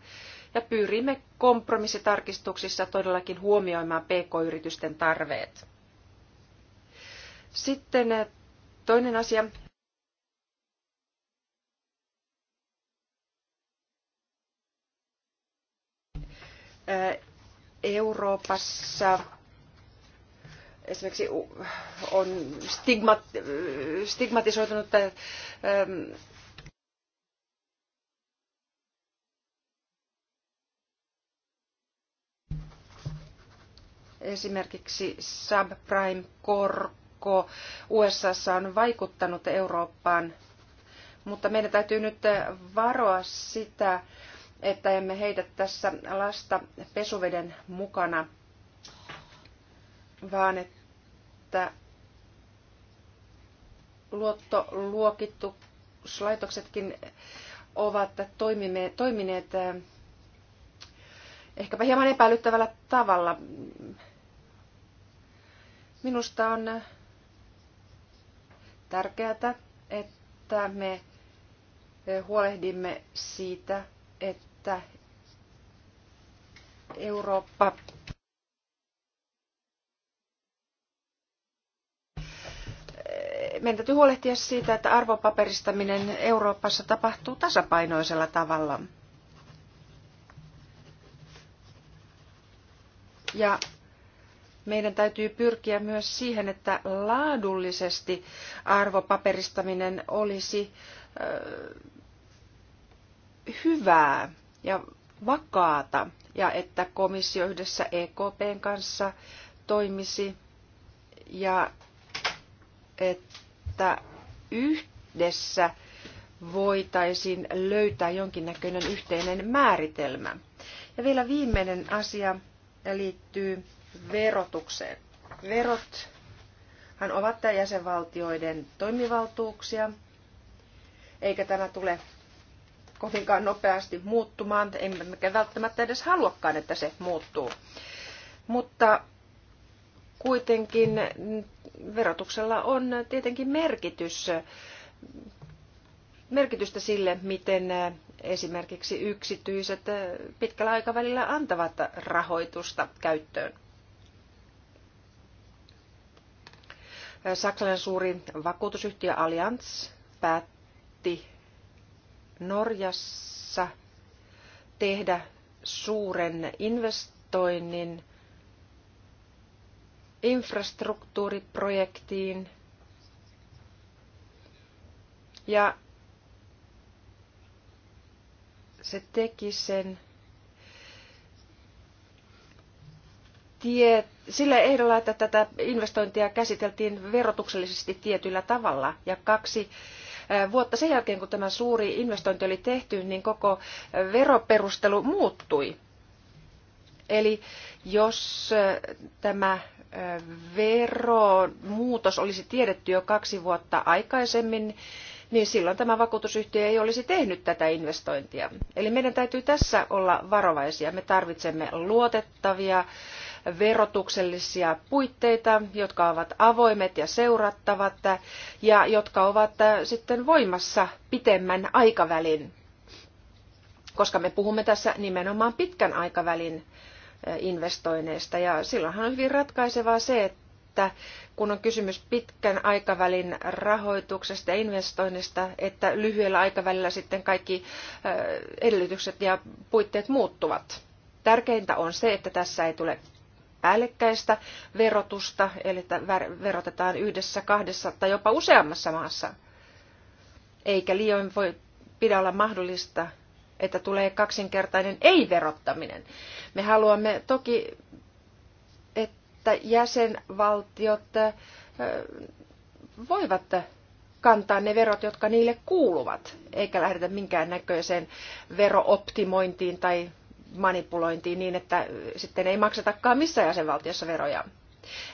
ja pyrimme kompromissitarkistuksissa todellakin huomioimaan pk-yritysten tarveet. Sitten toinen asia, Euroopassa esimerkiksi on stigmatisoitunut esimerkiksi subprime-korko USAssa on vaikuttanut Eurooppaan, mutta meidän täytyy nyt varoa sitä, että emme heitä tässä lasta pesuveden mukana, vaan että luottoluokituslaitoksetkin ovat toimineet eh, ehkäpä hieman epäilyttävällä tavalla. Minusta on eh, tärkeää, että me eh, huolehdimme siitä, että että Eurooppa meidän täytyy huolehtia siitä, että arvopaperistaminen Euroopassa tapahtuu tasapainoisella tavalla. Ja meidän täytyy pyrkiä myös siihen, että laadullisesti arvopaperistaminen olisi hyvää ja vakaata ja että komissio yhdessä EKPn kanssa toimisi ja että yhdessä voitaisiin löytää jonkinnäköinen yhteinen määritelmä. Ja vielä viimeinen asia liittyy verotukseen. hän ovat jäsenvaltioiden toimivaltuuksia, eikä tämä tule kovinkaan nopeasti muuttumaan, emmekä välttämättä edes haluakaan, että se muuttuu. Mutta kuitenkin verotuksella on tietenkin merkitys, merkitystä sille, miten esimerkiksi yksityiset pitkällä aikavälillä antavat rahoitusta käyttöön. Saksalainen suuri vakuutusyhtiö Allianz päätti Norjassa tehdä suuren investoinnin infrastruktuuriprojektiin. Ja se teki sen tie, sillä ehdolla, että tätä investointia käsiteltiin verotuksellisesti tietyllä tavalla. Ja kaksi vuotta sen jälkeen, kun tämä suuri investointi oli tehty, niin koko veroperustelu muuttui. Eli jos tämä veromuutos olisi tiedetty jo kaksi vuotta aikaisemmin, niin silloin tämä vakuutusyhtiö ei olisi tehnyt tätä investointia. Eli meidän täytyy tässä olla varovaisia. Me tarvitsemme luotettavia verotuksellisia puitteita, jotka ovat avoimet ja seurattavat ja jotka ovat äh, sitten voimassa pitemmän aikavälin, koska me puhumme tässä nimenomaan pitkän aikavälin äh, investoinneista ja silloinhan on hyvin ratkaisevaa se, että että kun on kysymys pitkän aikavälin rahoituksesta ja investoinnista, että lyhyellä aikavälillä sitten kaikki äh, edellytykset ja puitteet muuttuvat. Tärkeintä on se, että tässä ei tule päällekkäistä verotusta, eli verotetaan yhdessä, kahdessa tai jopa useammassa maassa. Eikä liioin voi pidä olla mahdollista, että tulee kaksinkertainen ei-verottaminen. Me haluamme toki, että jäsenvaltiot voivat kantaa ne verot, jotka niille kuuluvat, eikä lähdetä minkään näköiseen verooptimointiin tai manipulointiin niin, että sitten ei maksetakaan missään jäsenvaltiossa veroja.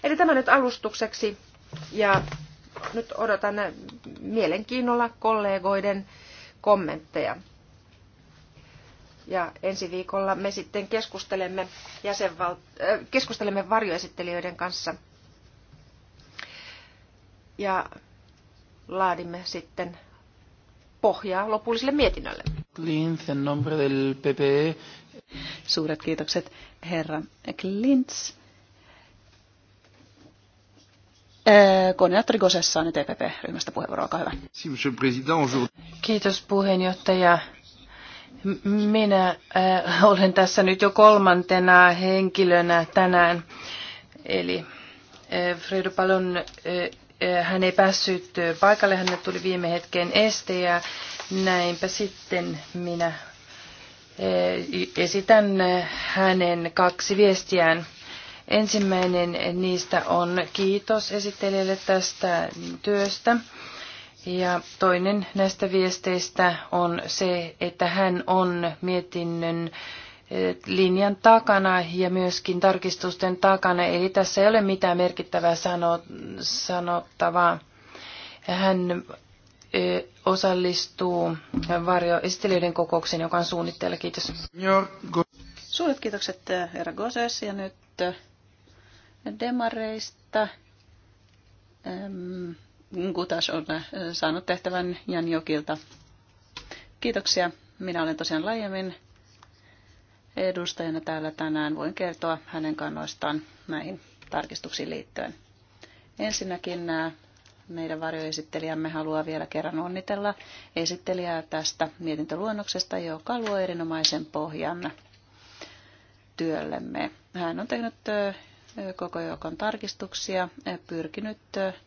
Eli tämä nyt alustukseksi ja nyt odotan mielenkiinnolla kollegoiden kommentteja. Ja ensi viikolla me sitten keskustelemme, jäsenval- äh, keskustelemme varjoesittelijöiden kanssa ja laadimme sitten pohjaa lopulliselle mietinnölle. en nombre del PPE, Suuret kiitokset, herra Klints. Äh, koordinaattori Gosessa on nyt EPP-ryhmästä puheenvuoro, olkaa hyvä. Kiitos puheenjohtaja. Minä äh, olen tässä nyt jo kolmantena henkilönä tänään. Eli äh, Fredo Palon, äh, äh hän ei päässyt paikalle, hän tuli viime hetken este ja näinpä sitten minä Eh, esitän eh, hänen kaksi viestiään. Ensimmäinen niistä on kiitos esittelijälle tästä työstä. Ja toinen näistä viesteistä on se, että hän on mietinnön eh, linjan takana ja myöskin tarkistusten takana. Eli tässä ei ole mitään merkittävää sano, sanottavaa. Hän osallistuu varjoesittelijöiden kokoukseen, joka on suunnitteilla. Kiitos. Suuret kiitokset herra Goses ja nyt demareista. Kutas on saanut tehtävän Jan Jokilta. Kiitoksia. Minä olen tosiaan laajemmin edustajana täällä tänään. Voin kertoa hänen kannoistaan näihin tarkistuksiin liittyen. Ensinnäkin meidän varjoesittelijämme haluaa vielä kerran onnitella esittelijää tästä mietintöluonnoksesta, joka luo erinomaisen pohjan työllemme. Hän on tehnyt koko joukon tarkistuksia, pyrkinyt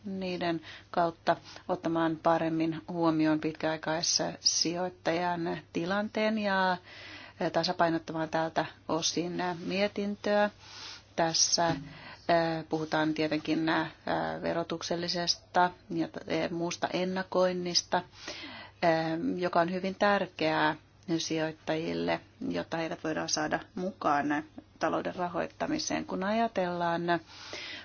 niiden kautta ottamaan paremmin huomioon pitkäaikaisessa sijoittajan tilanteen ja tasapainottamaan tältä osin mietintöä. Tässä mm Puhutaan tietenkin verotuksellisesta ja e, muusta ennakoinnista, joka on hyvin tärkeää sijoittajille, jotta heidät voidaan saada mukaan talouden rahoittamiseen. Kun ajatellaan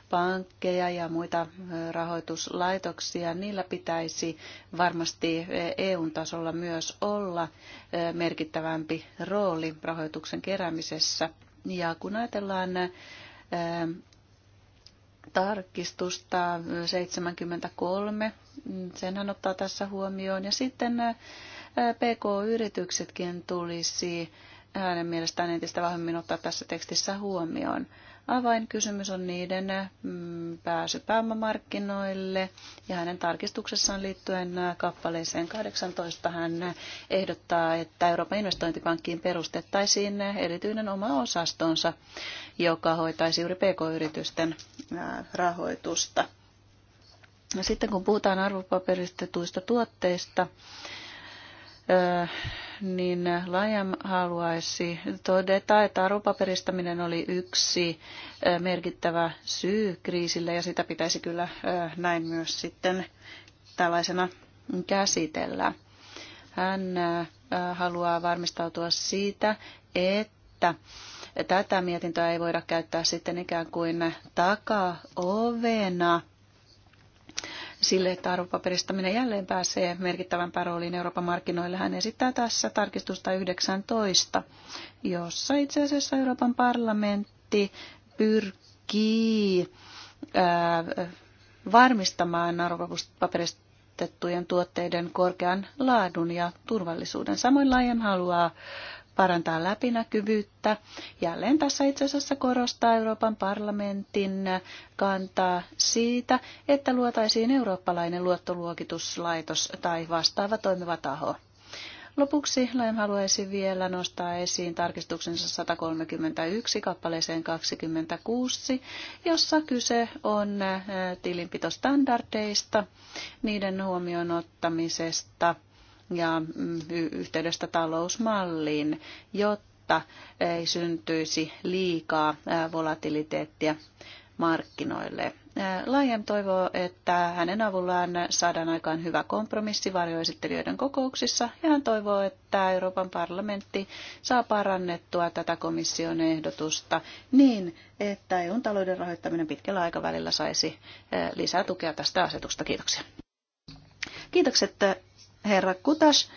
pankkeja ja muita rahoituslaitoksia, niillä pitäisi varmasti EU-tasolla e myös olla merkittävämpi rooli rahoituksen keräämisessä. Ja kun ajatellaan tarkistusta 73, senhän ottaa tässä huomioon. Ja sitten PK-yrityksetkin tulisi hänen mielestään entistä vahvemmin ottaa tässä tekstissä huomioon. Avainkysymys on niiden mm, pääsy pääomamarkkinoille ja hänen tarkistuksessaan liittyen kappaleeseen 18 hän ehdottaa, että Euroopan investointipankkiin perustettaisiin erityinen oma osastonsa, joka hoitaisi juuri pk-yritysten rahoitusta. Sitten kun puhutaan arvopaperistetuista tuotteista, niin Lajam haluaisi todeta, että arvopaperistaminen oli yksi merkittävä syy kriisille ja sitä pitäisi kyllä näin myös sitten tällaisena käsitellä. Hän haluaa varmistautua siitä, että tätä mietintöä ei voida käyttää sitten ikään kuin takaovena sille, että arvopaperistaminen jälleen pääsee merkittävämpään rooliin Euroopan markkinoille. Hän esittää tässä tarkistusta 19, jossa itse asiassa Euroopan parlamentti pyrkii ää, varmistamaan arvopaperistettujen tuotteiden korkean laadun ja turvallisuuden. Samoin Lajem haluaa parantaa läpinäkyvyyttä. Jälleen tässä itse asiassa korostaa Euroopan parlamentin kantaa siitä, että luotaisiin eurooppalainen luottoluokituslaitos tai vastaava toimiva taho. Lopuksi Lain haluaisi vielä nostaa esiin tarkistuksensa 131 kappaleeseen 26, jossa kyse on äh, tilinpitostandardeista, niiden huomioon ottamisesta – ja mm, yhteydestä talousmalliin, jotta ei syntyisi liikaa volatiliteettia markkinoille. Laajem toivoo, että hänen avullaan saadaan aikaan hyvä kompromissi varjoesittelijöiden kokouksissa ja hän toivoo, että Euroopan parlamentti saa parannettua tätä komission ehdotusta niin, että EUn talouden rahoittaminen pitkällä aikavälillä saisi lisää tukea tästä asetuksesta. Kiitoksia. Kiitokset herra Kutas.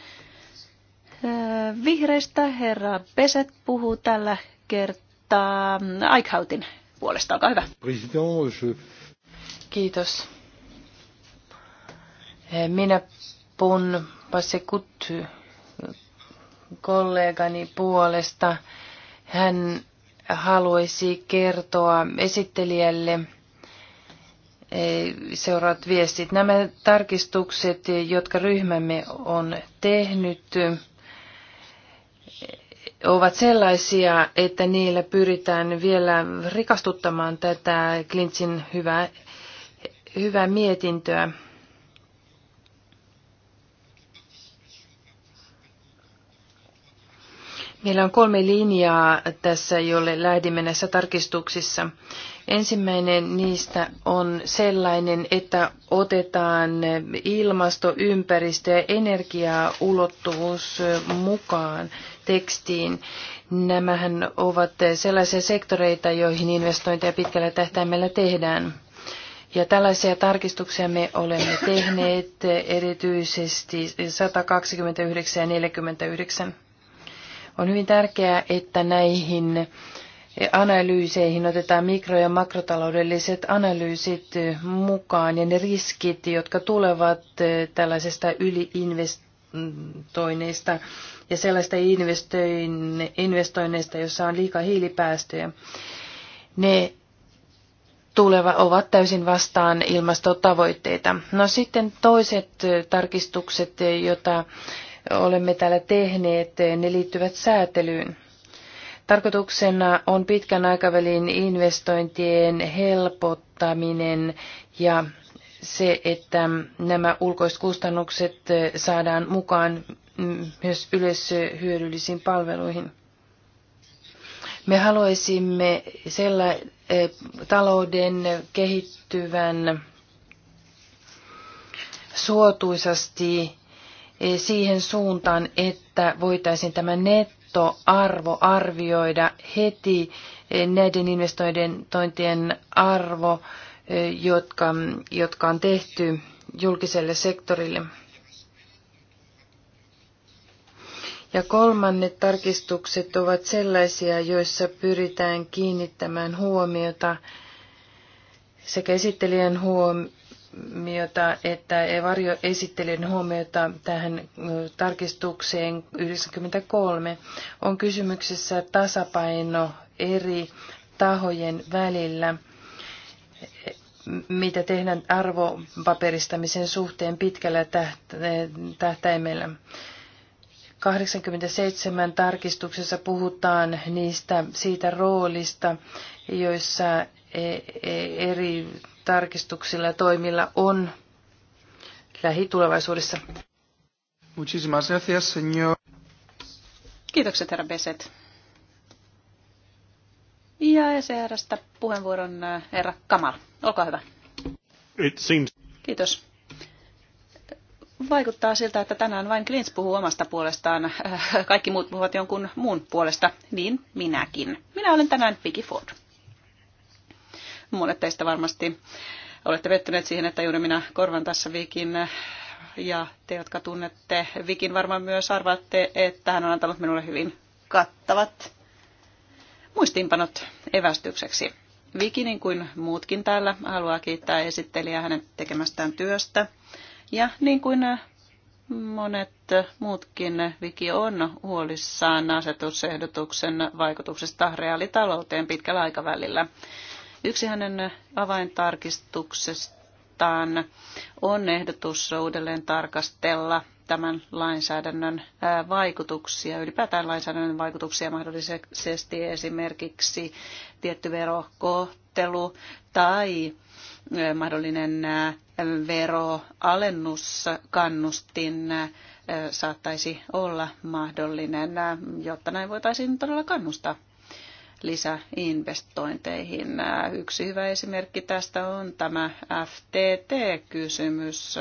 Vihreistä herra Peset puhuu tällä kertaa Aikhautin puolesta. Olkaa hyvä. Kiitos. Minä puhun Pasekut kollegani puolesta. Hän haluaisi kertoa esittelijälle seuraavat viestit. Nämä tarkistukset, jotka ryhmämme on tehnyt, ovat sellaisia, että niillä pyritään vielä rikastuttamaan tätä Klintsin hyvää, hyvää mietintöä. Meillä on kolme linjaa tässä, jolle lähdimme näissä tarkistuksissa. Ensimmäinen niistä on sellainen, että otetaan ilmasto, ympäristö ja energiaulottuvuus mukaan tekstiin. Nämähän ovat sellaisia sektoreita, joihin investointeja pitkällä tähtäimellä tehdään. Ja tällaisia tarkistuksia me olemme tehneet erityisesti 129 ja 49. On hyvin tärkeää, että näihin analyyseihin otetaan mikro- ja makrotaloudelliset analyysit mukaan ja ne riskit, jotka tulevat eh, tällaisesta yliinvestoinneista ja sellaista investoinneista, jossa on liikaa hiilipäästöjä. Ne tuleva ovat täysin vastaan ilmastotavoitteita. No sitten toiset eh, tarkistukset, eh, joita olemme täällä tehneet, ne liittyvät säätelyyn. Tarkoituksena on pitkän aikavälin investointien helpottaminen ja se, että nämä ulkoiset kustannukset saadaan mukaan myös yleishyödyllisiin palveluihin. Me haluaisimme sella, eh, talouden kehittyvän suotuisasti Eh, siihen suuntaan, että voitaisiin tämä nettoarvo arvioida heti eh, näiden investointien arvo, eh, jotka, jotka on tehty julkiselle sektorille. Ja kolmannet tarkistukset ovat sellaisia, joissa pyritään kiinnittämään huomiota sekä esittelijän huom- huomiota, että varjoesittelyn huomiota tähän tarkistukseen 93 on kysymyksessä tasapaino eri tahojen välillä, mitä tehdään arvopaperistamisen suhteen pitkällä tähtäimellä. 87 tarkistuksessa puhutaan niistä siitä roolista, joissa e-, e-, eri tarkistuksilla ja toimilla on lähitulevaisuudessa. Muchísimas gracias, señor. Kiitokset, herra Beset. Ja ECRstä puheenvuoron äh, herra Kamal. Olkaa hyvä. It seems... Kiitos. Vaikuttaa siltä, että tänään vain Klins puhuu omasta puolestaan. Äh, kaikki muut puhuvat jonkun muun puolesta, niin minäkin. Minä olen tänään Vicky Ford. Monet teistä varmasti olette vettyneet siihen, että juuri minä korvan tässä viikin ja te, jotka tunnette Vikin, varmaan myös arvaatte, että hän on antanut minulle hyvin kattavat muistiinpanot evästykseksi. Viki, niin kuin muutkin täällä, haluaa kiittää esittelijää hänen tekemästään työstä. Ja niin kuin monet muutkin, Viki on huolissaan asetusehdotuksen vaikutuksesta reaalitalouteen pitkällä aikavälillä. Yksi hänen avaintarkistuksestaan on ehdotus uudelleen tarkastella tämän lainsäädännön vaikutuksia, ylipäätään lainsäädännön vaikutuksia mahdollisesti esimerkiksi tietty verokohtelu tai mahdollinen veroalennuskannustin kannustin saattaisi olla mahdollinen, jotta näin voitaisiin todella kannustaa lisäinvestointeihin. Yksi hyvä esimerkki tästä on tämä FTT-kysymys.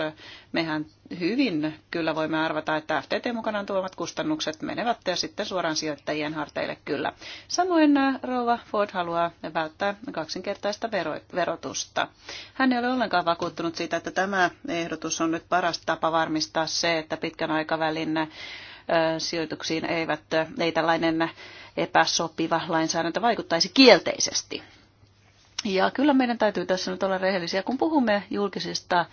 Mehän hyvin kyllä voimme arvata, että FTT mukanaan tuomat kustannukset menevät ja sitten suoraan sijoittajien harteille kyllä. Samoin äh, Rova Ford haluaa välttää kaksinkertaista verotusta. Hän ei ole ollenkaan vakuuttunut siitä, että tämä ehdotus on nyt paras tapa varmistaa se, että pitkän aikavälin äh, sijoituksiin eivät, äh, ei tällainen epäsopiva lainsäädäntö vaikuttaisi kielteisesti. Ja kyllä meidän täytyy tässä nyt olla rehellisiä, kun puhumme julkisista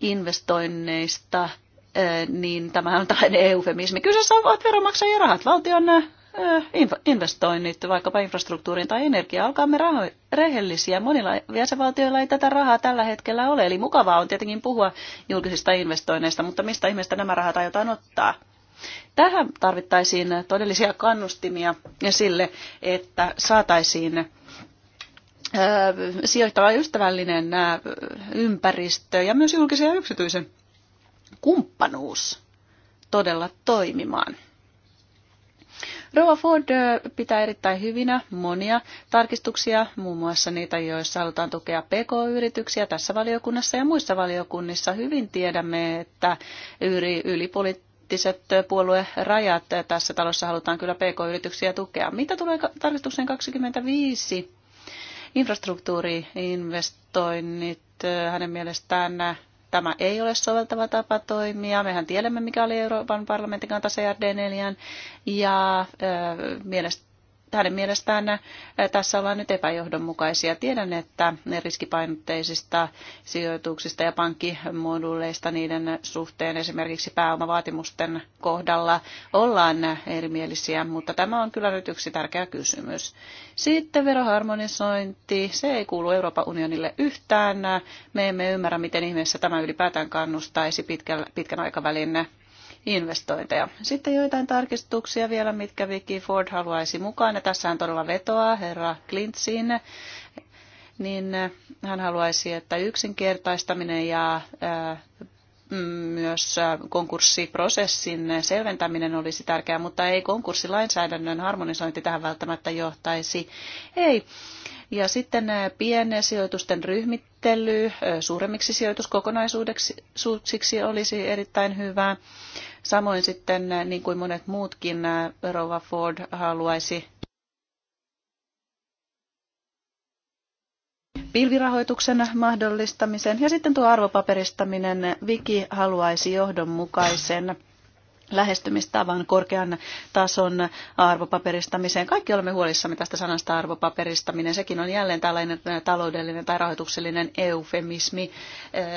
investoinneista, niin tämähän on tällainen eufemismi. Kyseessä ovat veronmaksajien rahat, valtion investoinnit vaikkapa infrastruktuuriin tai energiaan. Olkaamme raho- rehellisiä. Monilla jäsenvaltioilla ei tätä rahaa tällä hetkellä ole. Eli mukavaa on tietenkin puhua julkisista investoinneista, mutta mistä ihmeestä nämä rahat aiotaan ottaa? Tähän tarvittaisiin todellisia kannustimia ja sille, että saataisiin sijoittava ystävällinen ympäristö ja myös julkisen ja yksityisen kumppanuus todella toimimaan. Rova Ford pitää erittäin hyvinä monia tarkistuksia, muun muassa niitä, joissa halutaan tukea PK-yrityksiä tässä valiokunnassa ja muissa valiokunnissa. Hyvin tiedämme, että yli, yli poliittiset puoluerajat tässä talossa halutaan kyllä pk-yrityksiä tukea. Mitä tulee tarkistukseen 25? Infrastruktuuriinvestoinnit, hänen mielestään tämä ei ole soveltava tapa toimia. Mehän tiedämme, mikä oli Euroopan parlamentin kanta CRD4, ja äh, mielestä, hänen mielestään tässä ollaan nyt epäjohdonmukaisia. Tiedän, että ne riskipainotteisista sijoituksista ja pankkimoduleista niiden suhteen esimerkiksi pääomavaatimusten kohdalla ollaan erimielisiä, mutta tämä on kyllä nyt yksi tärkeä kysymys. Sitten veroharmonisointi, se ei kuulu Euroopan unionille yhtään. Me emme ymmärrä, miten ihmeessä tämä ylipäätään kannustaisi pitkän aikavälin investointeja. Sitten joitain tarkistuksia vielä, mitkä Vicky Ford haluaisi mukaan. Ja tässä on todella vetoaa herra siinä, niin äh, hän haluaisi, että yksinkertaistaminen ja äh, mm, myös äh, konkurssiprosessin selventäminen olisi tärkeää, mutta ei konkurssilainsäädännön harmonisointi tähän välttämättä johtaisi. Ei. Ja sitten pienen sijoitusten ryhmittely suuremmiksi sijoituskokonaisuuksiksi olisi erittäin hyvää. Samoin sitten, eh, niin kuin monet muutkin, eh, Rova Ford haluaisi pilvirahoituksen mahdollistamisen ja sitten tuo arvopaperistaminen. Viki haluaisi johdonmukaisen lähestymistavan korkean tason arvopaperistamiseen. Kaikki olemme huolissamme tästä sanasta arvopaperistaminen. Sekin on jälleen tällainen taloudellinen tai rahoituksellinen eufemismi.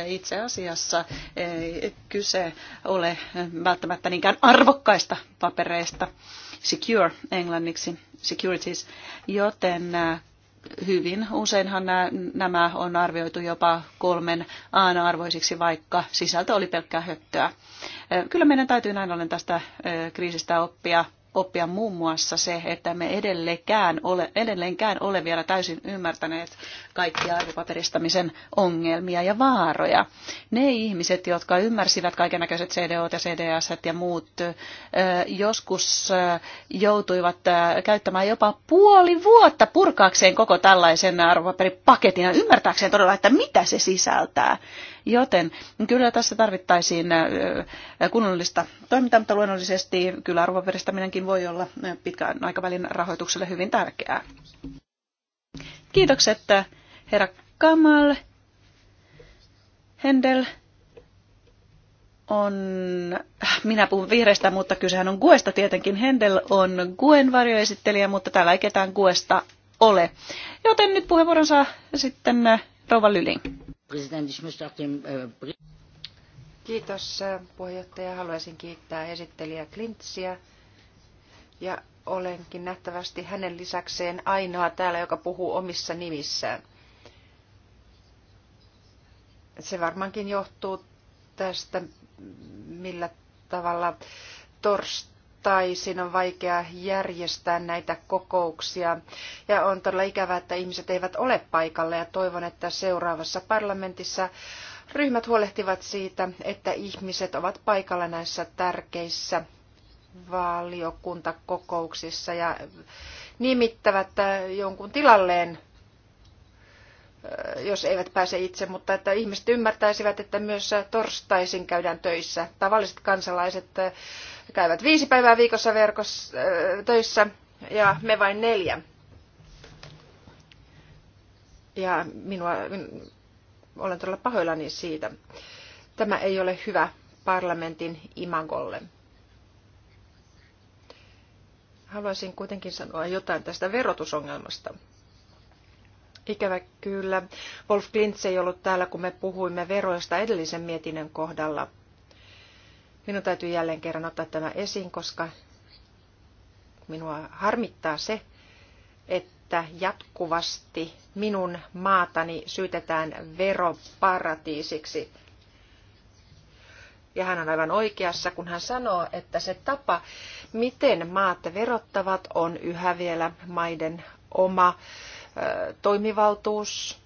Itse asiassa ei kyse ole välttämättä niinkään arvokkaista papereista, secure englanniksi, securities, joten hyvin useinhan nämä, nämä on arvioitu jopa kolmen A-arvoisiksi, vaikka sisältö oli pelkkää höttöä. Kyllä meidän täytyy näin ollen tästä kriisistä oppia oppia muun muassa se, että me edelleenkään ole, edelleenkään ole vielä täysin ymmärtäneet kaikkia arvopaperistamisen ongelmia ja vaaroja. Ne ihmiset, jotka ymmärsivät kaiken näköiset CDO ja CDS ja muut, joskus joutuivat käyttämään jopa puoli vuotta purkaakseen koko tällaisen arvopaperipaketin ja ymmärtääkseen todella, että mitä se sisältää. Joten kyllä tässä tarvittaisiin kunnollista toimintaa, mutta luonnollisesti kyllä arvoperistäminenkin voi olla pitkän aikavälin rahoitukselle hyvin tärkeää. Kiitokset herra Kamal. Hendel on, minä puhun vihreistä, mutta kysehän on Guesta tietenkin. Hendel on Guen varjoesittelijä, mutta täällä ei ketään Guesta ole. Joten nyt puheenvuoron saa sitten Rova Lyling. Präsident, ich möchte auch dem äh, Kiitos äh, puheenjohtaja. Haluaisin kiittää esittelijä Klintsiä. Ja olenkin nähtävästi hänen lisäkseen ainoa täällä, joka puhuu omissa nimissään. Se varmaankin johtuu tästä, millä tavalla torstaina siinä on vaikea järjestää näitä kokouksia. Ja on todella ikävää, että ihmiset eivät ole paikalla ja toivon, että seuraavassa parlamentissa ryhmät huolehtivat siitä, että ihmiset ovat paikalla näissä tärkeissä valiokuntakokouksissa ja nimittävät jonkun tilalleen jos eivät pääse itse, mutta että ihmiset ymmärtäisivät, että myös torstaisin käydään töissä. Tavalliset kansalaiset käyvät viisi päivää viikossa verkossa töissä ja me vain neljä. Ja minua, min, olen todella pahoillani siitä. Tämä ei ole hyvä parlamentin imagolle. Haluaisin kuitenkin sanoa jotain tästä verotusongelmasta. Ikävä kyllä. Wolf Klintz ei ollut täällä, kun me puhuimme veroista edellisen mietinnön kohdalla. Minun täytyy jälleen kerran ottaa tämä esiin, koska minua harmittaa se, että jatkuvasti minun maatani syytetään veroparatiisiksi. Ja hän on aivan oikeassa, kun hän sanoo, että se tapa, miten maat verottavat, on yhä vielä maiden oma toimivaltuus,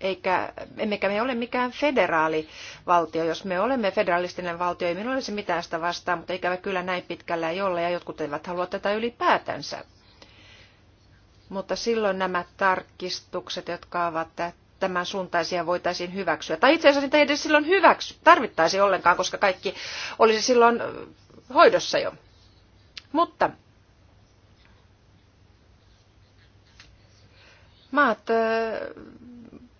eikä, emmekä me ole mikään federaalivaltio. Jos me olemme federalistinen valtio, ei minulla olisi mitään sitä vastaan, mutta ikävä kyllä näin pitkällä ei ole, ja jotkut eivät halua tätä ylipäätänsä. Mutta silloin nämä tarkistukset, jotka ovat tämän suuntaisia voitaisiin hyväksyä. Tai itse asiassa niitä ei edes silloin hyväksy, tarvittaisi ollenkaan, koska kaikki olisi silloin hoidossa jo. Mutta Maat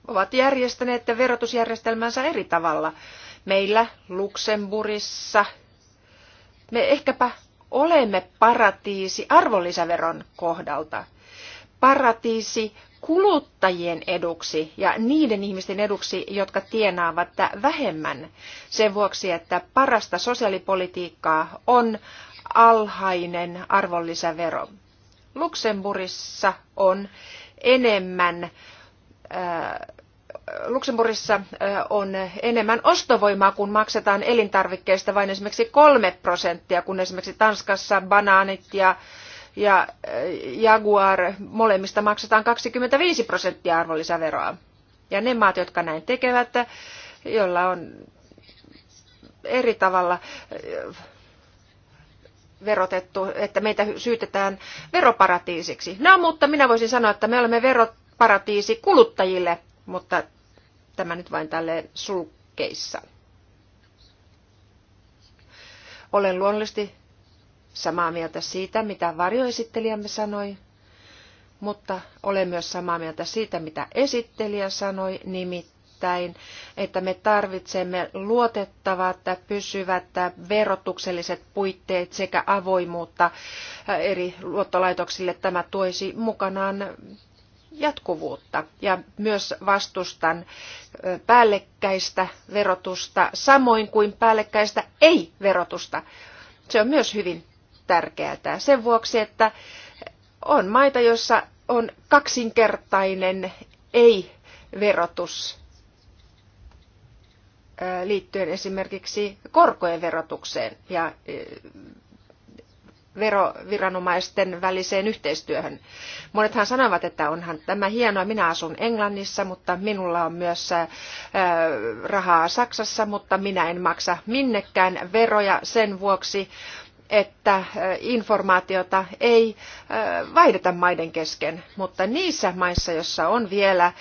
ovat järjestäneet verotusjärjestelmänsä eri tavalla. Meillä Luxemburissa me ehkäpä olemme paratiisi arvonlisäveron kohdalta. Paratiisi kuluttajien eduksi ja niiden ihmisten eduksi, jotka tienaavat vähemmän sen vuoksi, että parasta sosiaalipolitiikkaa on alhainen arvonlisävero. Luxemburissa on enemmän äh, Luxemburgissa äh, on enemmän ostovoimaa, kun maksetaan elintarvikkeista vain esimerkiksi kolme prosenttia, kun esimerkiksi Tanskassa banaanit ja, ja äh, Jaguar molemmista maksetaan 25 prosenttia arvonlisäveroa. Ja ne maat, jotka näin tekevät, joilla on eri tavalla verotettu, että meitä syytetään veroparatiisiksi. No, mutta minä voisin sanoa, että me olemme veroparatiisi kuluttajille, mutta tämä nyt vain tälleen sulkeissa. Olen luonnollisesti samaa mieltä siitä, mitä varjoesittelijämme sanoi, mutta olen myös samaa mieltä siitä, mitä esittelijä sanoi, nimittäin nimittäin, että me tarvitsemme luotettavat, pysyvät verotukselliset puitteet sekä avoimuutta äh, eri luottolaitoksille. Tämä toisi mukanaan jatkuvuutta ja myös vastustan äh, päällekkäistä verotusta samoin kuin päällekkäistä ei-verotusta. Se on myös hyvin tärkeää sen vuoksi, että on maita, joissa on kaksinkertainen ei-verotus liittyen esimerkiksi korkojen verotukseen ja veroviranomaisten väliseen yhteistyöhön. Monethan sanovat, että onhan tämä hienoa, minä asun Englannissa, mutta minulla on myös rahaa Saksassa, mutta minä en maksa minnekään veroja sen vuoksi, että informaatiota ei vaihdeta maiden kesken, mutta niissä maissa, joissa on vielä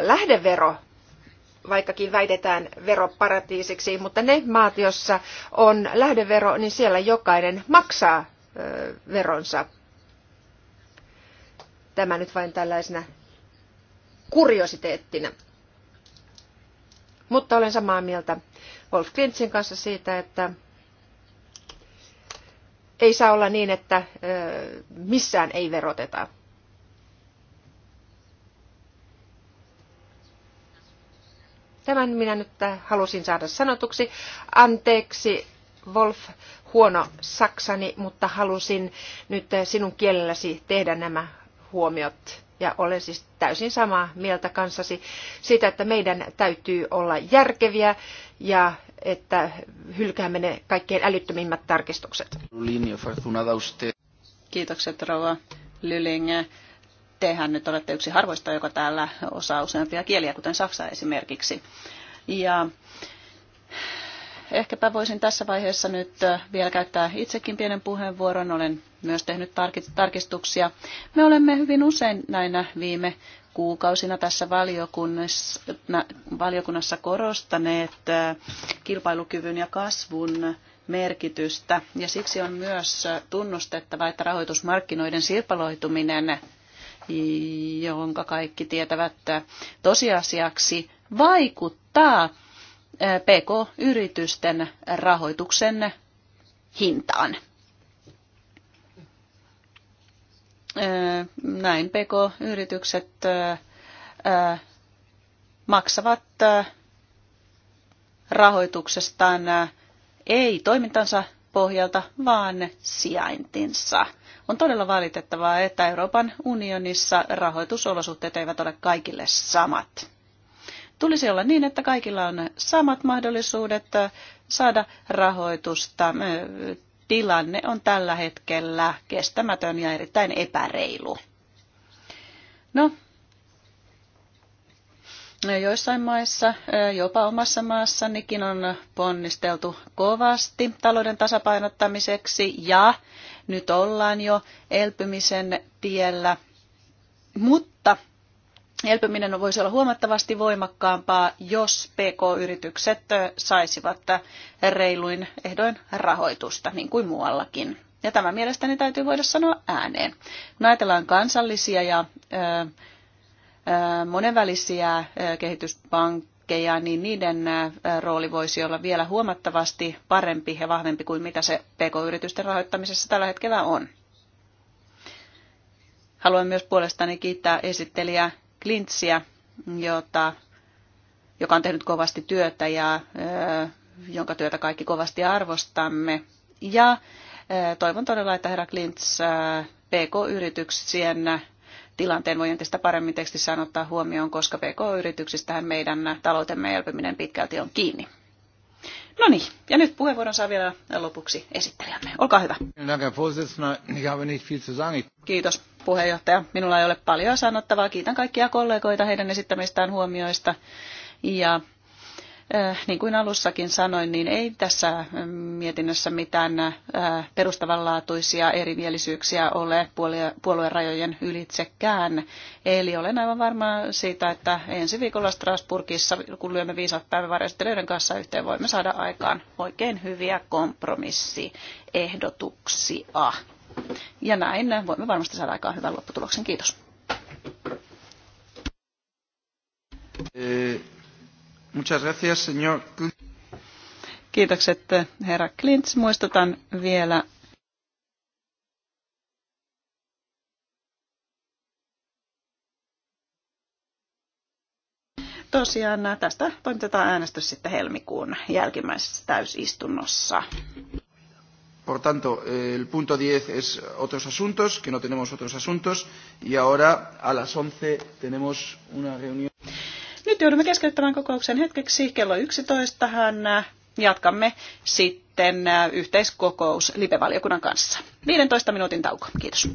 lähdevero vaikkakin väitetään veroparatiisiksi, mutta ne maat, joissa on lähdevero, niin siellä jokainen maksaa veronsa. Tämä nyt vain tällaisena kuriositeettina. Mutta olen samaa mieltä Wolf Klintzin kanssa siitä, että ei saa olla niin, että missään ei veroteta. Tämän minä nyt äh, halusin saada sanotuksi. Anteeksi, Wolf, huono saksani, mutta halusin nyt äh, sinun kielelläsi tehdä nämä huomiot. Ja olen siis täysin samaa mieltä kanssasi siitä, että meidän täytyy olla järkeviä ja että hylkäämme ne kaikkein älyttömimmät tarkistukset. Kiitokset rouva Lylinge tehän nyt olette yksi harvoista, joka täällä osaa useampia kieliä, kuten Saksa esimerkiksi. Ja ehkäpä voisin tässä vaiheessa nyt äh, vielä käyttää itsekin pienen puheenvuoron. Olen myös tehnyt tarkistuksia. Me olemme hyvin usein näinä viime kuukausina tässä valiokunnassa, valiokunnassa korostaneet äh, kilpailukyvyn ja kasvun merkitystä. Ja siksi on myös tunnustettava, että rahoitusmarkkinoiden sirpaloituminen jonka kaikki tietävät tosiasiaksi, vaikuttaa PK-yritysten rahoituksen hintaan. Näin PK-yritykset maksavat rahoituksestaan ei toimintansa pohjalta, vaan sijaintinsa on todella valitettavaa, että Euroopan unionissa rahoitusolosuhteet eivät ole kaikille samat. Tulisi olla niin, että kaikilla on samat mahdollisuudet saada rahoitusta. Tilanne on tällä hetkellä kestämätön ja erittäin epäreilu. No, joissain maissa, jopa omassa maassanikin on ponnisteltu kovasti talouden tasapainottamiseksi ja nyt ollaan jo elpymisen tiellä, mutta elpyminen voisi olla huomattavasti voimakkaampaa, jos PK-yritykset saisivat reiluin ehdoin rahoitusta, niin kuin muuallakin. Ja tämä mielestäni täytyy voida sanoa ääneen. Kun no, ajatellaan kansallisia ja monenvälisiä kehityspankkeja, pankkeja, niin niiden rooli voisi olla vielä huomattavasti parempi ja vahvempi kuin mitä se PK-yritysten rahoittamisessa tällä hetkellä on. Haluan myös puolestani kiittää esittelijä Klintsiä, jota, joka on tehnyt kovasti työtä ja jonka työtä kaikki kovasti arvostamme. Ja toivon todella, että herra Klints PK-yrityksien tilanteen voi entistä paremmin tekstissään ottaa huomioon, koska PK-yrityksistähän meidän taloutemme elpyminen pitkälti on kiinni. No niin, ja nyt puheenvuoron saa vielä lopuksi esittelijämme. Olkaa hyvä. Kiitos puheenjohtaja. Minulla ei ole paljon sanottavaa. Kiitän kaikkia kollegoita heidän esittämistään huomioista. Ja Äh, niin kuin alussakin sanoin, niin ei tässä äh, mietinnössä mitään äh, perustavanlaatuisia erimielisyyksiä ole puolueen rajojen ylitsekään. Eli olen aivan varma siitä, että ensi viikolla Strasburgissa, kun lyömme viisat päivävarjastelijoiden kanssa yhteen, voimme saada aikaan oikein hyviä kompromissiehdotuksia. Ja näin voimme varmasti saada aikaan hyvän lopputuloksen. Kiitos. Eh, Kiitokset, herra Klints. Muistutan vielä tosiaan tästä toimitetaan äänestys sitten helmikuun jälkimmäisessä täysistunnossa. Por tanto, el punto 10 es otros asuntos, que no tenemos otros asuntos, y ahora a las 11 tenemos una reunión. Nyt joudumme keskeyttämään kokouksen hetkeksi. Kello 11 hän jatkamme sitten yhteiskokous lipevaliokunnan kanssa. 15 minuutin tauko. Kiitos.